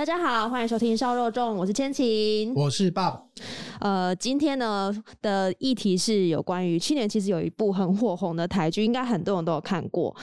大家好，歡迎收聽燒肉粽，我是千晴，我是 Bob。呃，今天呢的議題是有關於去年其實有一部很火紅的台劇，應該很多人都有看過，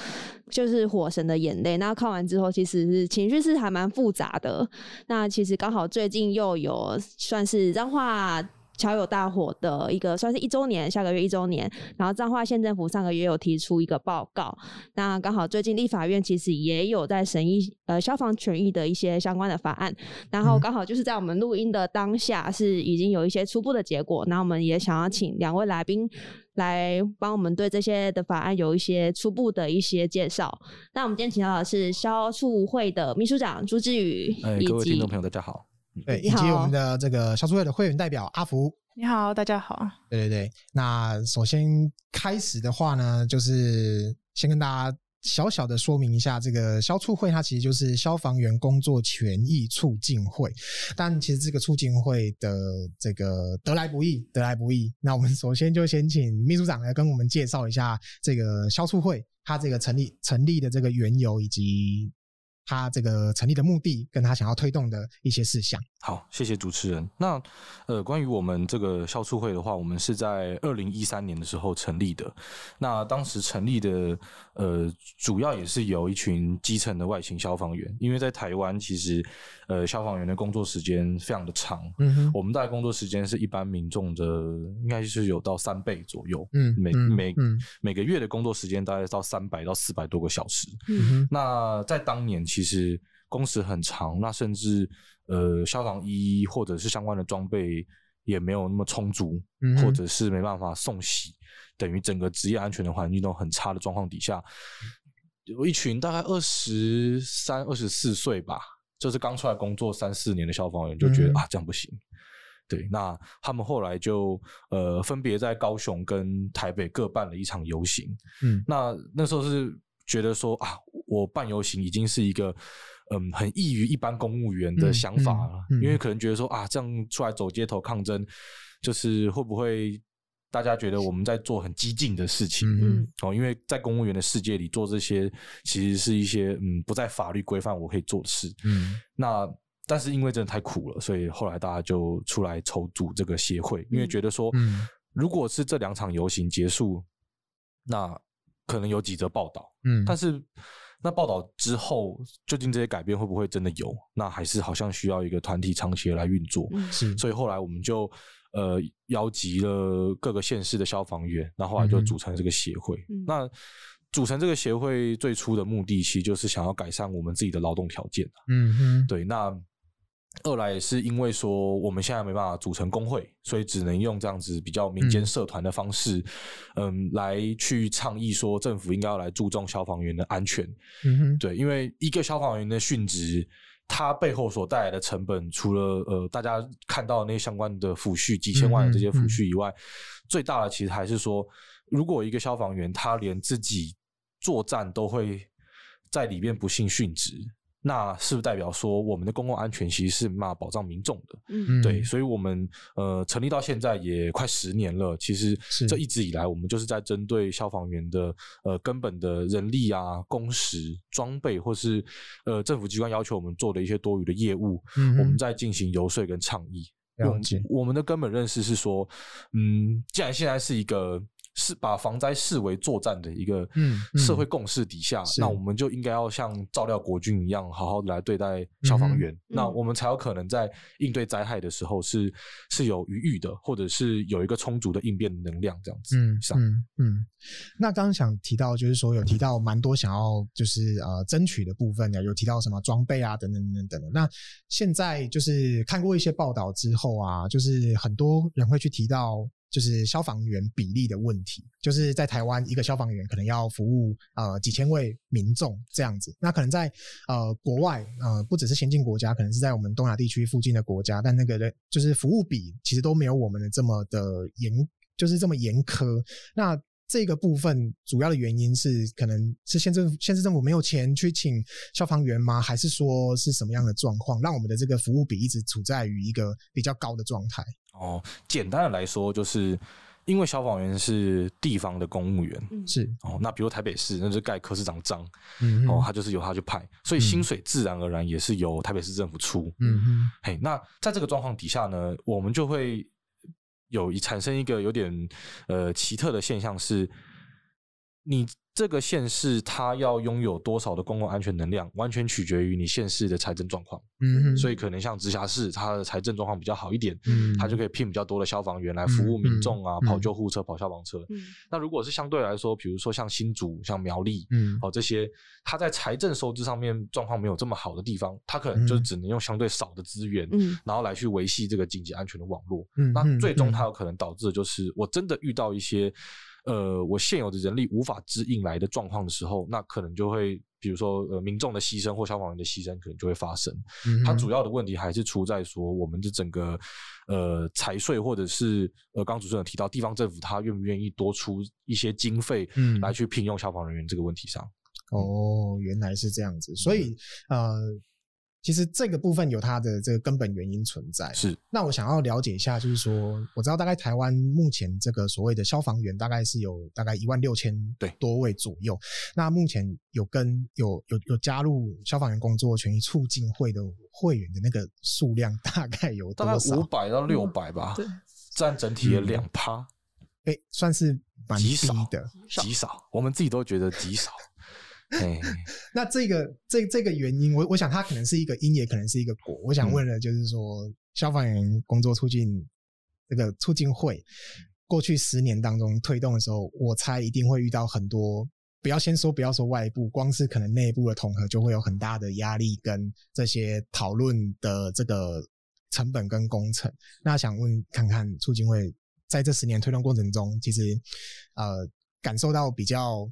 就是《火神的眼淚》。那看完之後，其實是情緒是還蠻複雜的。那其實剛好最近又有算是髒話。喬友大火的一個算是一週年，下個月一週年。然後彰化縣政府上個月有提出一個報告，那剛好最近立法院其實也有在審議呃消防權益的一些相關的法案。然後剛好就是在我們錄音的當下是已經有一些初步的結果。那、嗯、我們也想要請兩位來賓來幫我們對這些的法案有一些初步的一些介紹。那我們今天請到的是消促會的秘書長朱智宇。哎，以及 各位聽眾朋友，大家好。對，以及我們的這個消促會的會員代表阿福，你好，大家好。對對對，那首先開始的話呢，就是先跟大家小小的說明一下，這個消促會它其實就是消防員工作權益促進會，但其實這個促進會的這個得來不易，得來不易。那我們首先就先請秘書長來跟我們介紹一下這個消促會，它這個成立成立的這個緣由以及他這個成立的目的，跟他想要推動的一些事項。好，謝謝主持人。那呃，關於我們這個消促會的話，我們是在二零一三年的時候成立的。那當時成立的呃，主要也是由一群基層的外勤消防員，因為在台灣其實呃，消防員的工作時間非常的長。嗯哼，我們大概工作時間是一般民眾的，應該是有到三倍左右。嗯，嗯嗯每每每個月的工作時間大概到三百到四百多個小時。嗯哼，那在當年其實工時很長，那甚至。呃，消防衣或者是相關的裝備也沒有那麼充足，嗯、哼或者是沒辦法送洗，等於整個職業安全的環境都很差的狀況底下，有一群大概二十三、二十四歲吧，就是剛出來工作三四年的消防員就覺得、嗯、哼啊，這樣不行。對，那他們後來就呃，分別在高雄跟台北各辦了一場遊行。嗯，那那時候是覺得說啊，我辦遊行已經是一個。嗯，很異於一般公務員的想法，嗯嗯嗯，因為可能覺得說啊，這樣出來走街頭抗爭，就是會不會大家覺得我們在做很激進的事情？嗯，嗯哦，因為在公務員的世界裡做這些，其實是一些嗯不在法律規範我可以做的事。嗯，那但是因為真的太苦了，所以後來大家就出來籌組這個協會，因為覺得說，嗯嗯，如果是這兩場遊行結束，那可能有幾則報道。嗯，但是。那報道之後，究竟這些改變會不會真的有？那還是好像需要一個團體長期來運作。是所以後來我們就呃，邀集了各個縣市的消防員，然後，後來就組成這個協會。嗯、哼那組成這個協會最初的目的，其實就是想要改善我們自己的勞動條件的、啊。嗯哼對。那。二來也是因為說我們現在沒辦法組成工會，所以只能用這樣子比較民間社團的方式，嗯，嗯，來去倡議說政府應該要來注重消防員的安全。嗯哼，對，因為一個消防員的殉職，他背後所帶來的成本，除了呃大家看到的那些相關的撫卹幾千萬的這些撫卹以外，嗯嗯，最大的其實還是說，如果一個消防員他連自己作戰都會在裡面不幸殉職。那是不是代表說我們的公共安全其實是嘛保障民眾的？嗯，對，所以我們呃成立到現在也快十年了，其實這一直以來我們就是在針對消防員的呃根本的人力啊、工時、裝備，或是呃政府機關要求我們做的一些多餘的業務，嗯哼。我們在進行遊說跟倡議。了解。我們我們的根本認識是說，嗯，既然現在是一個。是把防災視為作戰的一個社會共識底下，嗯嗯、那我們就應該要像照料國軍一樣，好好的來對待消防員，嗯嗯、那我們才有可能在應對災害的時候是是有餘裕的，或者是有一個充足的應變能量這樣子。是啊、嗯嗯嗯。那剛剛想提到，就是說有提到蠻多想要就是呃爭取的部分的，有提到什麼裝備啊等等等等的。那現在就是看過一些報道之後啊，就是很多人會去提到，就是消防員比例的問題，就是在台灣，一個消防員可能要服務呃幾千位民眾這樣子。那可能在呃國外，呃不只是先進國家，可能是在我們東亞地區附近的國家，但那個人就是服務比其實都沒有我們的這麼的嚴，就是這麼嚴苛。那這個部分主要的原因是，可能是縣政縣市政府沒有錢去請消防員嗎？還是說是什麼樣的狀況，讓我們的這個服務比一直處在於一個比較高的狀態？哦，簡單的來說，就是因為消防員是地方的公務員，是哦。那比如台北市，那就是蓋柯市長章，嗯、哼哦，他就是由他去派，所以薪水自然而然也是由台北市政府出。嗯哼嘿，那在這個狀況底下呢，我們就會有產生一個有點呃奇特的現象，是你。這個縣市它要擁有多少的公共安全能量，完全取決於你縣市的財政狀況。嗯哼，所以可能像直轄市，它的財政狀況比較好一點，嗯、它就可以聘比較多的消防員來服務民眾啊，嗯嗯、跑救護車、嗯、跑消防車。嗯、那如果是相對來說，比如說像新竹、像苗栗，嗯、哦這些，它在財政收支上面狀況沒有這麼好的地方，它可能就只能用相對少的資源，嗯、然後來去維繫這個緊急安全的網絡。嗯嗯、那最終它有可能導致的就是，我真的遇到一些。呃，我現有的人力無法支應來的狀況的時候，那可能就會，比如說，呃，民眾的犧牲或消防員的犧牲，可能就會發生。嗯、哼它主要的問題還是出在說，我們的整個，呃，財稅或者是，呃，剛主持人提到，地方政府他願不願意多出一些經費，來去聘用消防人員這個問題上。嗯、哦，原來是這樣子，所以，嗯、呃。其實這個部分有它的這個根本原因存在。是，那我想要了解一下，就是說，我知道大概台灣目前這個所謂的消防員大概是有大概一萬六千對多位左右。對那目前有跟有有有加入消防員工作權益促進會的會員的那個數量大概有多少？大概五百到六百吧，占整體的兩趴，被、嗯欸、算是蠻少的極少，我們自己都覺得極少。 嘿嘿那這個這這個原因，我我想它可能是一個因，也可能是一個果。我想問的就是說、嗯、消防員工作促進這個促進會，過去十年當中推動的時候，我猜一定會遇到很多。不要先說，不要說外部，光是可能內部的統合就會有很大的壓力，跟這些討論的這個成本跟工程。那想問看看促進會在這十年推動過程中，其實呃感受到比較。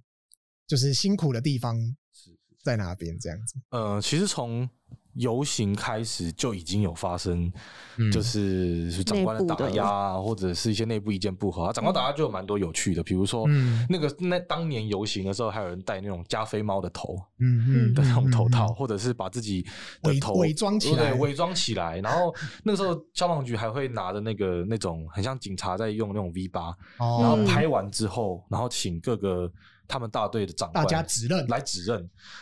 就是辛苦的地方在哪邊這樣子？呃，其實從遊行開始就已經有發生，就是長官的打壓，或者是一些內部意見不合。長官打壓就有蠻多有趣的，比如說那個那當年遊行的時候，還有人戴那種加菲貓的頭，嗯嗯的那種頭套，或者是把自己的頭偽裝起來，對，偽裝起來。然後那個時候消防局還會拿着那個那種很像警察在用那種 V8，然後拍完之後，然後請各個。他們大隊的長官，大家指認來指認，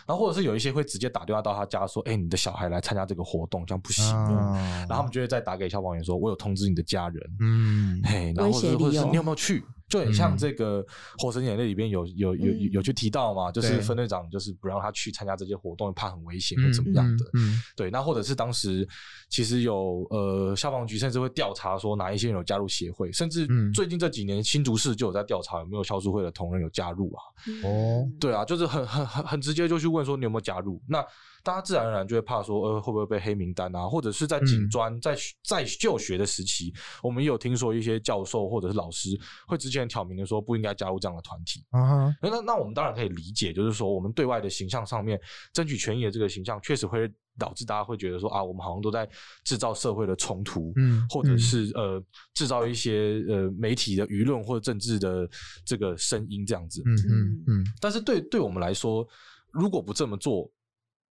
然後或者是有一些會直接打電話到他家說：“哎，你的小孩來參加這個活動，這樣不行。”哦嗯、然後他們就會再打給消防員說：“我有通知你的家人，嗯，嘿，然後或者，或者是你有沒有去？”就很像這個有《火神眼淚》裡邊有有有有去提到嘛，嗯、就是分隊長就是不讓他去參加這些活動，怕很危險或怎麼樣的。嗯嗯嗯、對。那或者是當時其實有呃消防局甚至會調查說哪一些人有加入協會，甚至最近這幾年新竹市就有在調查有沒有消除會的同仁有加入啊。哦，對啊，就是很很很很直接就去問說你有沒有加入那。大家自然而然就會怕說，呃，會不會被黑名單啊？或者是在警專、嗯、在在就學的時期，我們也有聽說一些教授或者是老師會之前挑明的說，不應該加入這樣的團體。啊、哈那那我們當然可以理解，就是說我們對外的形象上面爭取權益的這個形象，確實會導致大家會覺得說啊，我們好像都在制造社會的衝突，嗯嗯、或者是呃制造一些呃媒體的輿論或者政治的這個聲音這樣子。嗯嗯嗯。嗯嗯，但是對對我們來說，如果不這麼做，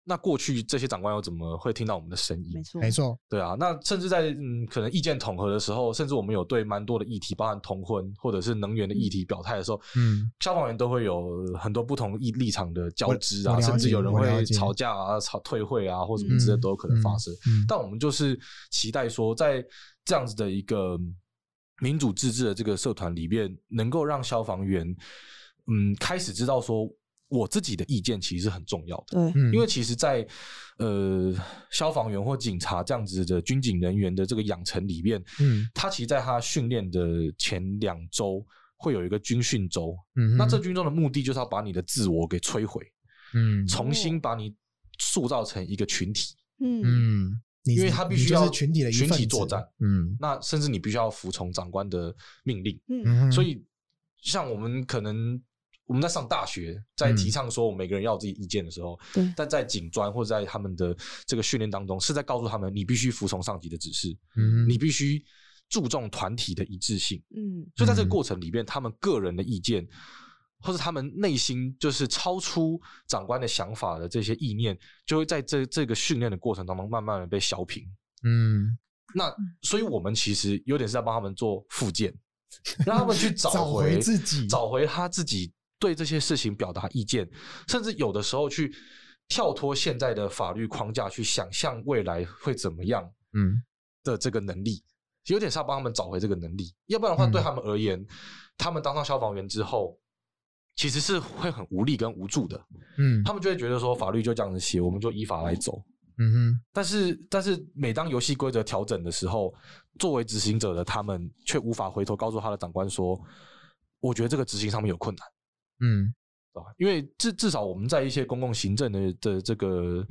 那過去這些長官又怎麼會聽到我們的聲音？沒錯，沒錯，對啊。那甚至在嗯，可能意見統合的時候，甚至我們有對蠻多的議題，包含同婚或者是能源的議題表態的時候，嗯，消防員都會有很多不同意立場的交織啊，甚至有人會吵架啊，吵退會啊，或什麼之類都有可能發生。嗯嗯嗯，但我們就是期待說，在這樣子的一個民主自治的這個社團裡面，能夠讓消防員嗯開始知道說。我自己的意見其實是很重要的，嗯，因為其實在，在呃消防員或警察這樣子的軍警人員的這個養成裡面，嗯，他其實在他訓練的前兩周會有一個軍訓周，嗯，嗯，那這軍訓的目的就是要把你的自我給摧毀，嗯，重新把你塑造成一個群體，嗯，因為他必須要群體的一群體作戰，嗯，那甚至你必須要服從長官的命令，嗯，所以像我們可能。我們在上大學，在提倡說我們每個人要有自己意見的時候，嗯、但在警專或者在他們的這個訓練當中，是在告訴他們你必須服從上級的指示，嗯、你必須注重團體的一致性。嗯，所以在這個過程裡面，他們個人的意見或者他們內心就是超出長官的想法的這些意念，就會在這這個訓練的過程當中，慢慢的被削平。嗯，那所以我們其實有點是在幫他們做復健，讓他們去找回， 找回自己，找回他自己。對這些事情表達意見，甚至有的時候去跳脫現在的法律框架去想象未來會怎麼樣，嗯，的這個能力，有點是要幫他們找回這個能力，要不然的話，對他們而言，嗯，他們當上消防員之後，其實是會很無力跟無助的，嗯，他們就會覺得說，法律就這樣子寫，我們就依法來走，嗯哼，但是，但是每當遊戲規則調整的時候，作為執行者的他們卻無法回頭告訴他的長官說，我覺得這個執行上面有困難。嗯，啊，因為至至少我們在一些公共行政的的這個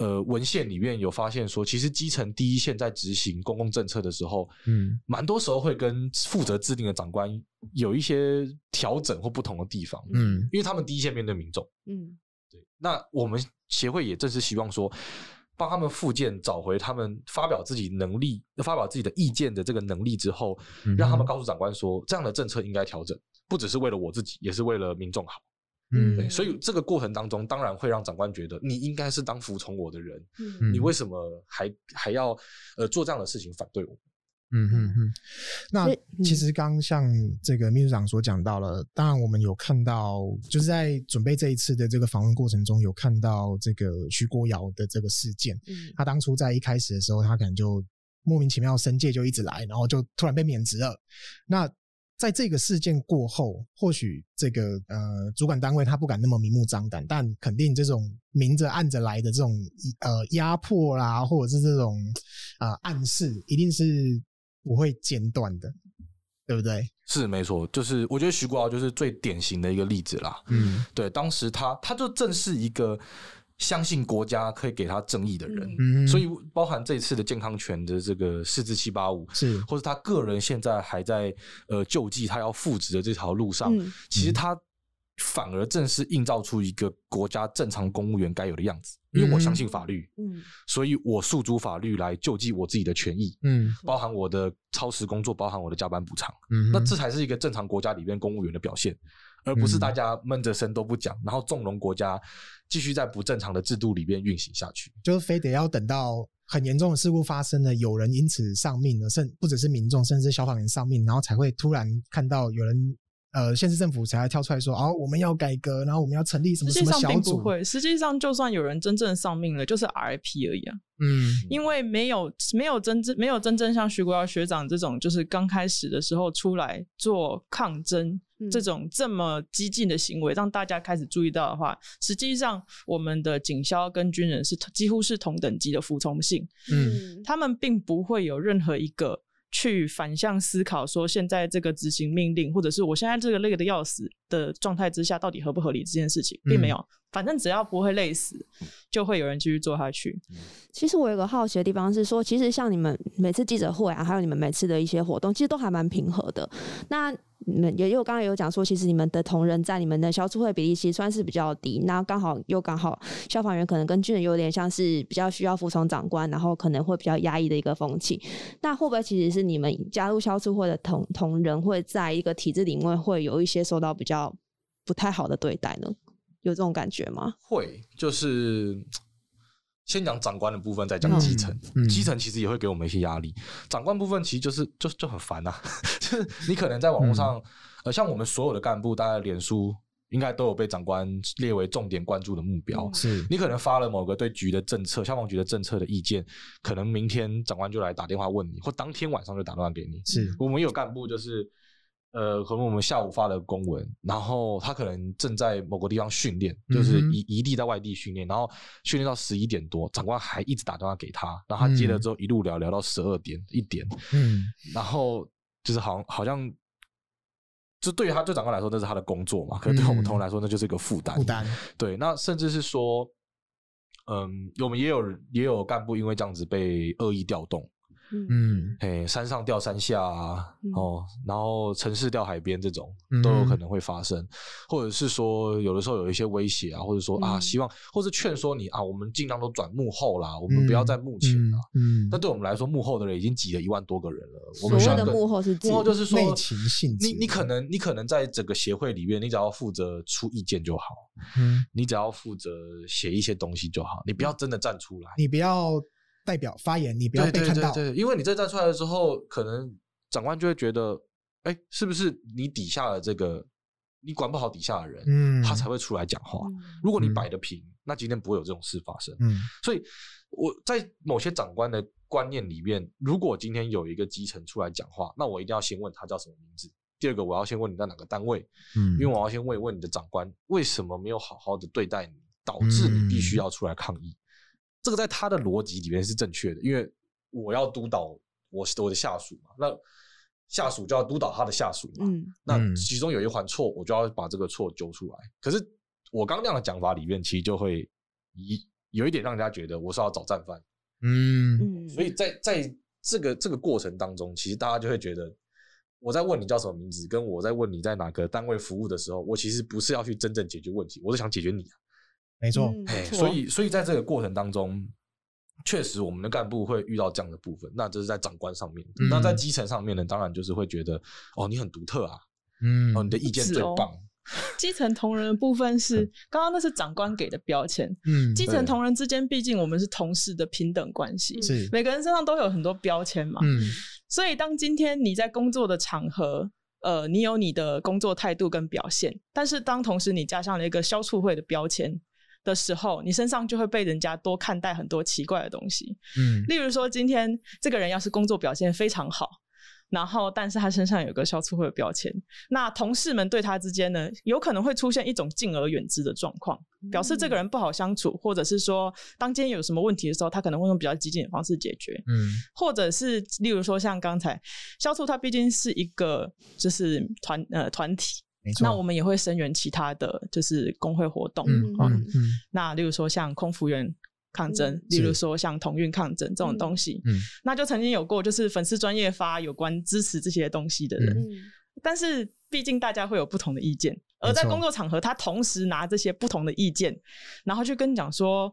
呃文獻裡面有發現說，其實基層第一線在執行公共政策的時候，嗯，蠻多時候會跟負責制定的長官有一些調整或不同的地方，嗯，因為他們第一線面對民眾，嗯，對，那我們協會也正是希望說，幫他們復健，找回他們發表自己能力、發表自己的意見的這個能力之後，讓他們告訴長官說，這樣的政策應該調整。不只是為了我自己，也是為了民眾好，對，嗯，所以這個過程當中，當然會讓長官覺得你應該是當服從我的人，嗯，你為什麼還還要呃做這樣的事情反對我？嗯嗯嗯。那其實剛像這個秘書長所講到了，嗯、當然我們有看到，就是在準備這一次的這個訪問過程中，有看到這個徐國堯的這個事件。嗯，他當初在一開始的時候，他可能就莫名其妙申誡就一直來，然後就突然被免職了。那在這個事件過後，或許這個呃主管單位他不敢那麼明目張膽，但肯定這種明着暗着來的這種呃壓迫啦，或者是這種啊、呃、暗示，一定是不會間斷的，對不對？是，沒錯，就是我覺得徐國豪就是最典型的一個例子啦。嗯，對，當時他他就正是一個。相信國家可以給他正義的人，嗯、哼所以包含這次的健康權的這個四至七八五，85，是或者他個人現在還在呃救濟他要復職的這條路上，嗯、其實他反而正是映照出一個國家正常公務員該有的樣子。嗯、哼因為我相信法律，嗯、哼所以我訴諸法律來救濟我自己的權益，嗯，包含我的超時工作，包含我的加班補償，嗯、哼那這才是一個正常國家裡面公務員的表現。而不是大家悶着聲都不講，嗯、然後縱容國家繼續在不正常的制度裡面運行下去，就是非得要等到很嚴重的事故發生了，有人因此喪命了，甚不只是民眾，甚至消防員喪命，然後才會突然看到有人，呃，縣市政府才跳出來說，哦，我們要改革，然後我們要成立什麼什麼小組。實際上並不會，實際上就算有人真正喪命了，就是 RIP 而已啊。嗯，因為沒有沒有真正沒有真正像徐國堯學長這種，就是剛開始的時候出來做抗爭。這種這麼激進的行為，讓大家開始注意到的話，實際上我們的警消跟軍人是幾乎是同等級的服從性。嗯，他們並不會有任何一個去反向思考，說現在這個執行命令，或者是我現在這個累得要死的狀態之下，到底合不合理這件事情，並沒有。反正只要不會累死，就會有人繼續做下去。嗯，其實我有個好奇的地方是說，其實像你們每次記者會啊，還有你們每次的一些活動，其實都還蠻平和的。那你們也因為我剛剛有講說，其實你們的同仁在你們的消促會比例其實算是比較低，那剛好又剛好，消防員可能跟軍人有點像，是比較需要服從長官，然後可能會比較壓抑的一個風氣。那會不會其實是你們加入消促會的同同仁會在一個體制裡面會有一些受到比較不太好的對待呢？有這種感覺嗎？會，就是。先講長官的部分，再講基層。嗯嗯、基層其實也會給我們一些壓力。嗯、長官部分其實就是，就就很煩啊。 就是你可能在網絡上，嗯、呃，像我們所有的幹部，大家臉書應該都有被長官列為重點關注的目標。嗯、是你可能發了某個對局的政策、消防局的政策的意見，可能明天長官就來打電話問你，或當天晚上就打電話給你。是我們有幹部就是。呃，可能我們下午發了公文，然後他可能正在某個地方訓練，就是一一地在外地訓練，嗯嗯，然後訓練到十一點多，長官還一直打電話給他，然後他接了之後一路聊聊到十二點一點，嗯，嗯，然後就是好像好像，就對於他對長官來說那是他的工作嘛，可能對我們同事來說那就是一個負擔，負擔，對，那甚至是說，嗯，我們也有也有幹部因為這樣子被惡意調動。嗯，嘿，hey, 山上掉山下、啊嗯、哦，然後城市掉海邊這種、嗯、都有可能會發生，或者是說有的時候有一些威脅啊，或者說啊，希望、嗯、或者勸說你啊，我們儘量都轉幕後啦，我們不要在幕前啦。嗯，那、嗯嗯、對我們來說，幕後的人已經擠了一萬多個人了。我們說的幕後是最後，就是說內情性質，你你可能你可能在整個協會裡面，你只要負責出意見就好，嗯、你只要負責寫一些東西就好，你不要真的站出來，你不要。代表發言，你不要被看到。對，對，對，對，對，因為你這站出來了之後，可能長官就會覺得，哎、欸，是不是你底下的這個，你管不好底下的人，嗯、他才會出來講話。如果你擺得平，嗯、那今天不會有這種事發生。嗯、所以我在某些長官的觀念裡面，如果今天有一個基層出來講話，那我一定要先問他叫什麼名字。第二個，我要先問你在哪個單位，嗯、因為我要先問一問你的長官，為什麼沒有好好的對待你，導致你必須要出來抗議。這個在他的邏輯裡面是正確的，因為我要督導我是我的下屬嘛，那下屬就要督導他的下屬嘛。嗯，那其中有一環錯，我就要把這個錯揪出來。可是我剛剛那樣的講法裡面，其實就會一有一點讓人家覺得我是要找戰犯。嗯，所以在在這個這個過程當中，其實大家就會覺得我在問你叫什麼名字，跟我在問你在哪個單位服務的時候，我其實不是要去真正解決問題，我是想解決你啊。沒錯，所以所以在這個過程當中，確實我們的幹部會遇到這樣的部分。那就是在長官上面，那在基層上面呢，當然就是會覺得哦，你很獨特啊，嗯，哦，你的意見最棒。基層同仁的部分是剛剛那是長官給的標籤，嗯，基層同仁之間畢竟我們是同事的平等關係，是每個人身上都有很多標籤嘛，嗯，所以當今天你在工作的場合，呃，你有你的工作態度跟表現，但是當同時你加上了一個“消促會”的標籤。的時候，你身上就會被人家多看待很多奇怪的東西。嗯，例如說，今天這個人要是工作表現非常好，然後但是他身上有個消促會的標籤，那同事們對他之間呢，有可能會出現一種敬而遠之的狀況，嗯、表示這個人不好相處，或者是說，當今天有什麼問題的時候，他可能會用比較激進的方式解決。嗯，或者是例如說像，像剛才消促會，他畢竟是一個就是團呃團體。那我們也會聲援其他的就是工會活動、嗯嗯嗯、那例如說像空服員抗爭，嗯、例如說像同運抗爭是這種東西，嗯、那就曾經有過就是粉絲專業發有關支持這些東西的人，嗯、但是畢竟大家會有不同的意見，嗯、而在工作場合，他同時拿這些不同的意見，錯然後去跟你講說，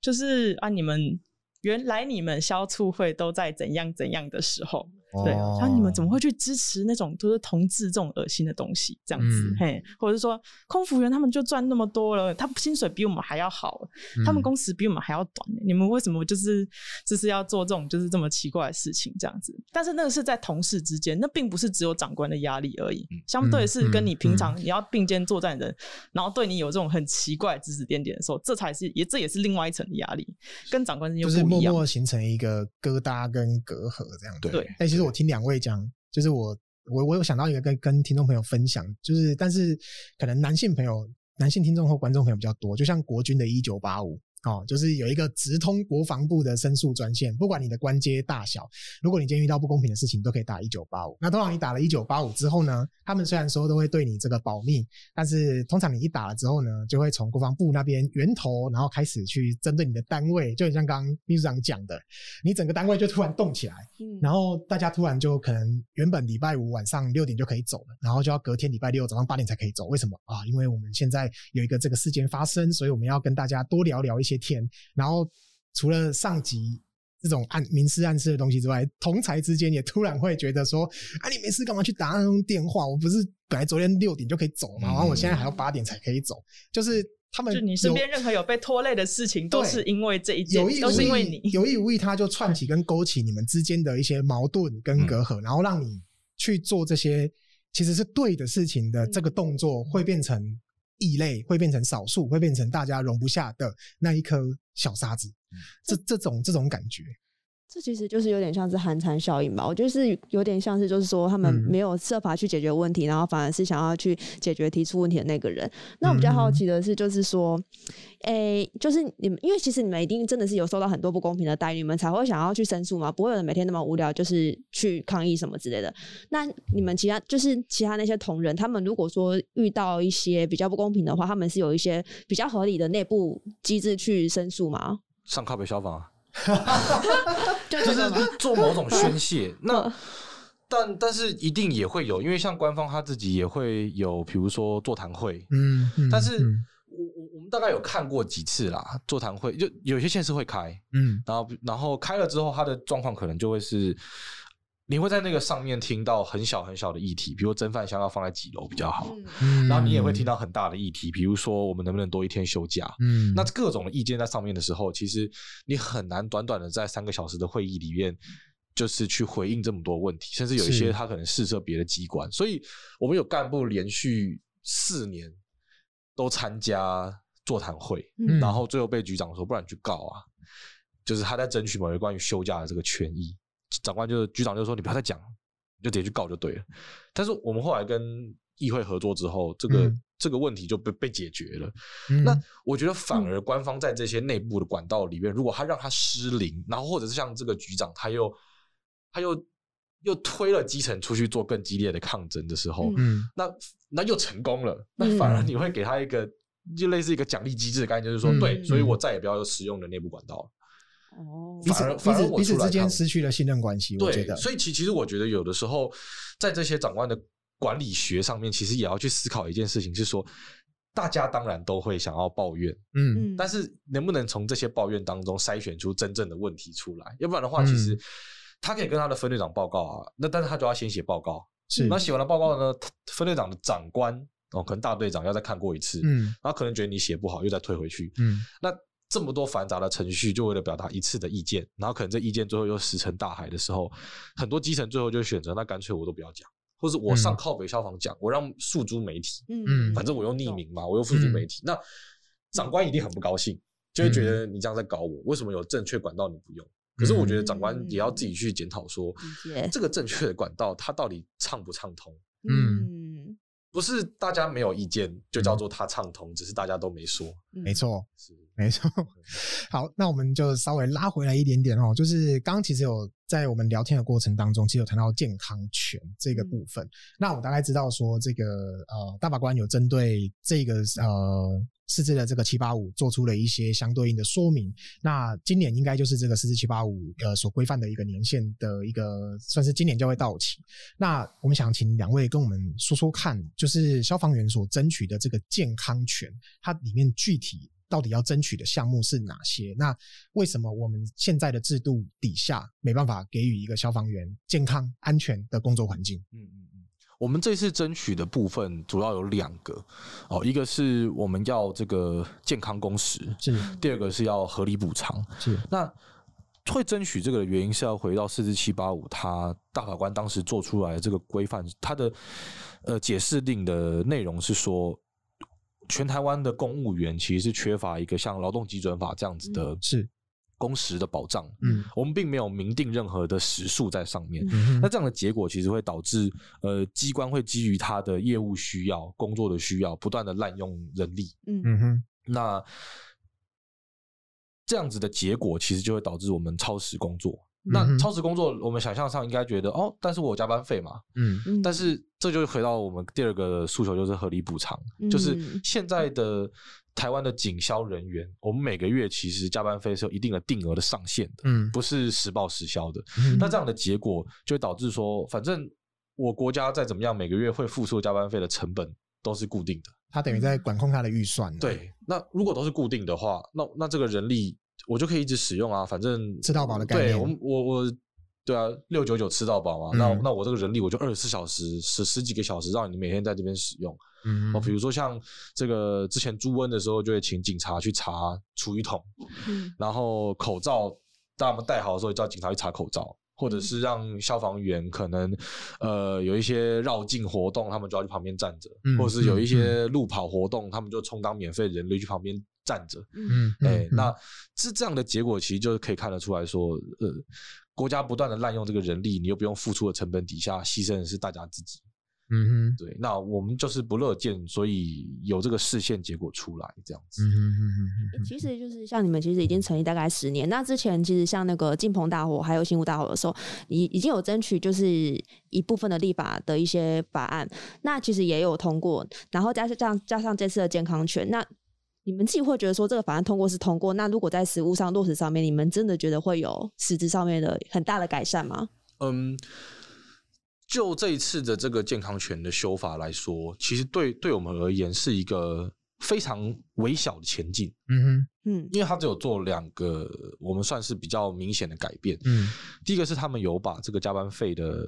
就是啊，你們原來你們消促會都在怎樣怎樣的時候。對，哦、像你們怎麼會去支持那種就是同志這種噁心的東西這樣子？嗯、嘿，或者是說空服員他們就賺那麼多了，他薪水比我們還要好，他們工時比我們還要短，嗯、你們為什麼就是就是要做這種就是這麼奇怪的事情這樣子？但是那個是在同事之間，那並不是只有長官的壓力而已，相對是跟你平常你要並肩作戰的人，嗯嗯、然後對你有這種很奇怪指指點點的時候，這才是也這也是另外一層的壓力，跟長官之間不一樣，就是默默形成一個疙瘩跟隔閡這樣。對，對其實我聽兩位講，就是我我我有想到一個跟跟聽眾朋友分享，就是但是可能男性朋友、男性聽眾或觀眾朋友比較多，就像國軍的“一九八五”。哦，就是有一個直通國防部的申訴專線，不管你的官階大小，如果你今天遇到不公平的事情，都可以打一九八五。那通常你打了一九八五之後呢，他們雖然說都會對你這個保密，但是通常你一打了之後呢，就會從國防部那邊源頭，然後開始去針對你的單位，就很像剛剛秘書長講的，你整個單位就突然動起來，嗯，然後大家突然就可能原本禮拜五晚上六點就可以走了，然後就要隔天禮拜六早上八點才可以走，為什麼？啊，因為我們現在有一個這個事件發生，所以我們要跟大家多聊聊一些。天，然後除了上級這種暗、明示暗示的東西之外，同儕之間也突然會覺得說：“啊，你沒事幹嘛去打那種電話？我不是本來昨天六點就可以走嘛？完、嗯啊，我現在還要八點才可以走。”就是他們，就你身邊任何有被拖累的事情，都是因為這一件，意意都是因為你有意無意，他就串起跟勾起你們之間的一些矛盾跟隔閡，嗯、然後讓你去做這些其實是對的事情的這個動作，會變成。異類會變成少數，會變成大家容不下的那一顆小沙子，嗯，這，這這種這種感覺。這其實就是有點像是寒蟬效應吧？我覺得是有點像是，就是說他們沒有設法去解決問題，嗯、然後反而是想要去解決提出問題的那個人。那我比較好奇的是，就是說，哎、嗯嗯，就是你們，因為其實你們一定真的是有受到很多不公平的待遇，你們才會想要去申訴嘛？不會有人每天那麼無聊，就是去抗議什麼之類的。那你們其他就是其他那些同仁，他們如果說遇到一些比較不公平的話，他們是有一些比較合理的內部機制去申訴嗎？上靠北消防、啊。 就是做某種宣洩， 那但但是一定也會有，因為像官方他自己也會有，比如說座談會嗯，嗯，但是、嗯、我我我們大概有看過幾次啦，座談會就有些縣市會開，嗯，然後然後開了之後，他的狀況可能就會是。你會在那個上面聽到很小很小的議題，比如說蒸飯箱要放在幾樓比較好，嗯啊、嗯然後你也會聽到很大的議題，比如說我們能不能多一天休假？嗯，那各種的意見在上面的時候，其實你很難短短的在三個小時的會議裡面，就是去回應這麼多問題，甚至有一些他可能事涉別的機關，是所以我們有幹部連續四年都參加座談會，嗯、然後最後被局長說，不然你去告啊，就是他在爭取某些關於休假的這個權益。長官就是局長，就說你不要再講，你就直接去告就對了。但是我們後來跟議會合作之後，這個、嗯、這個問題就被被解決了。嗯、那我覺得反而官方在這些內部的管道裡面，嗯、如果他讓他失靈，然後或者是像這個局長他又他又又推了基層出去做更激烈的抗爭的時候，嗯，那那又成功了。那反而你會給他一個就類似一個獎勵機制的概念，就是說、嗯、對，所以我再也不要有使用的內部管道了。哦，反而反而彼此之間失去了信任關係。對，所以其其實我覺得有的時候，在這些長官的管理學上面，其實也要去思考一件事情，是說大家當然都會想要抱怨，嗯，但是能不能從這些抱怨當中篩選出真正的問題出來？要不然的話，其實他可以跟他的分隊長報告啊，那但是他就要先寫報告，是那寫完了報告呢，分隊長的長官哦，可能大隊長要再看過一次，嗯，然後可能覺得你寫不好，又再退回去，嗯，那。這麼多繁雜的程序，就為了表達一次的意見，然後可能這意見最後又石沉大海的時候，很多基層最後就選擇，那乾脆我都不要講，或是我上靠北消防講，我讓訴諸媒體，嗯嗯，反正我又匿名嘛，嗯、我又訴諸媒體，嗯、那長官一定很不高興，嗯、就會覺得你這樣在搞我，為什麼有正確管道你不用？嗯、可是我覺得長官也要自己去檢討，說、嗯、這個正確的管道它到底暢不暢通？嗯。不是大家沒有意見就叫做它暢通，嗯、只是大家都沒說。嗯、沒錯錯，是沒錯錯。 好，那我們就稍微拉回來一點點哦。就是剛剛其實有在我們聊天的過程當中，其實有談到健康權這個部分。嗯、那我們大概知道說這個呃，大法官有針對這個呃。釋字的這個七八五做出了一些相對應的說明。那今年應該就是這個釋字七八五呃所規範的一個年限的一個，算是今年就會到期。那我們想請兩位跟我們說說看，就是消防員所爭取的這個健康權，它裡面具體到底要爭取的項目是哪些？那為什麼我們現在的制度底下沒辦法給予一個消防員健康安全的工作環境？嗯嗯。我們這次爭取的部分主要有兩個哦，一個是我們要這個健康工時，是第二個是要合理補償，是那會爭取這個原因是要回到四四七八五，7, 5, 他大法官當時做出來這個規範，他的呃解釋令的內容是說，全台灣的公務員其實是缺乏一個像勞動基準法這樣子的、嗯，是。工時的保障，嗯，我們並沒有明定任何的時數在上面，嗯、哼那這樣的結果其實會導致，呃，機關會基於他的業務需要、工作的需要，不斷的濫用人力，嗯哼那這樣子的結果其實就會導致我們超時工作。嗯、哼那超時工作，我們想象上應該覺得，哦，但是我有加班費嘛，嗯，但是這就回到我們第二個訴求，就是合理補償，嗯、哼就是現在的。台灣的警消人員，我們每個月其實加班費是有一定的定額的上限的，嗯，不是實報實銷的。嗯、那這樣的結果就會導致說，反正我國家再怎麼樣，每個月會付出加班費的成本都是固定的。他等於在管控他的預算、嗯。對，那如果都是固定的話，那那這個人力我就可以一直使用啊，反正吃到飽的概念。對，我我我，對啊，六九九吃到飽嘛，啊，嗯、那那我這個人力我就二十四小時十十幾個小時讓你每天在這邊使用。哦，嗯、比如說像這個之前豬瘟的時候，就會請警察去查廚餘桶，嗯、然後口罩，當他們戴好的時候，叫警察去查口罩，嗯、或者是讓消防員可能，呃，有一些繞境活動，他們就要去旁邊站着，嗯、或者是有一些路跑活動，他們就充當免費人力去旁邊站着、嗯。嗯，哎、嗯，欸嗯、那這、嗯、這樣的結果其實就是可以看得出來說，呃，國家不斷的濫用這個人力，你又不用付出的成本底下，犧牲的是大家自己。嗯哼，對，那我們就是不樂見，所以有這個釋憲結果出來這樣子。嗯，嗯，嗯其實就是像你們其實已經成立大概十年，嗯、哼那之前其實像那個敬鵬大火，還有新屋大火的時候，已已經有爭取就是一部分的立法的一些法案，那其實也有通過。然後加上加上這次的健康權，那你們自己會覺得說這個法案通過是通過？那如果在實務上落實上面，你們真的覺得會有實質上面的很大的改善嗎？嗯。就這一次的這個健康權的修法來說，其實對對我們而言是一個非常微小的前進。嗯哼，嗯，因為他只有做兩個，我們算是比較明顯的改變。嗯，第一個是他們有把這個加班費的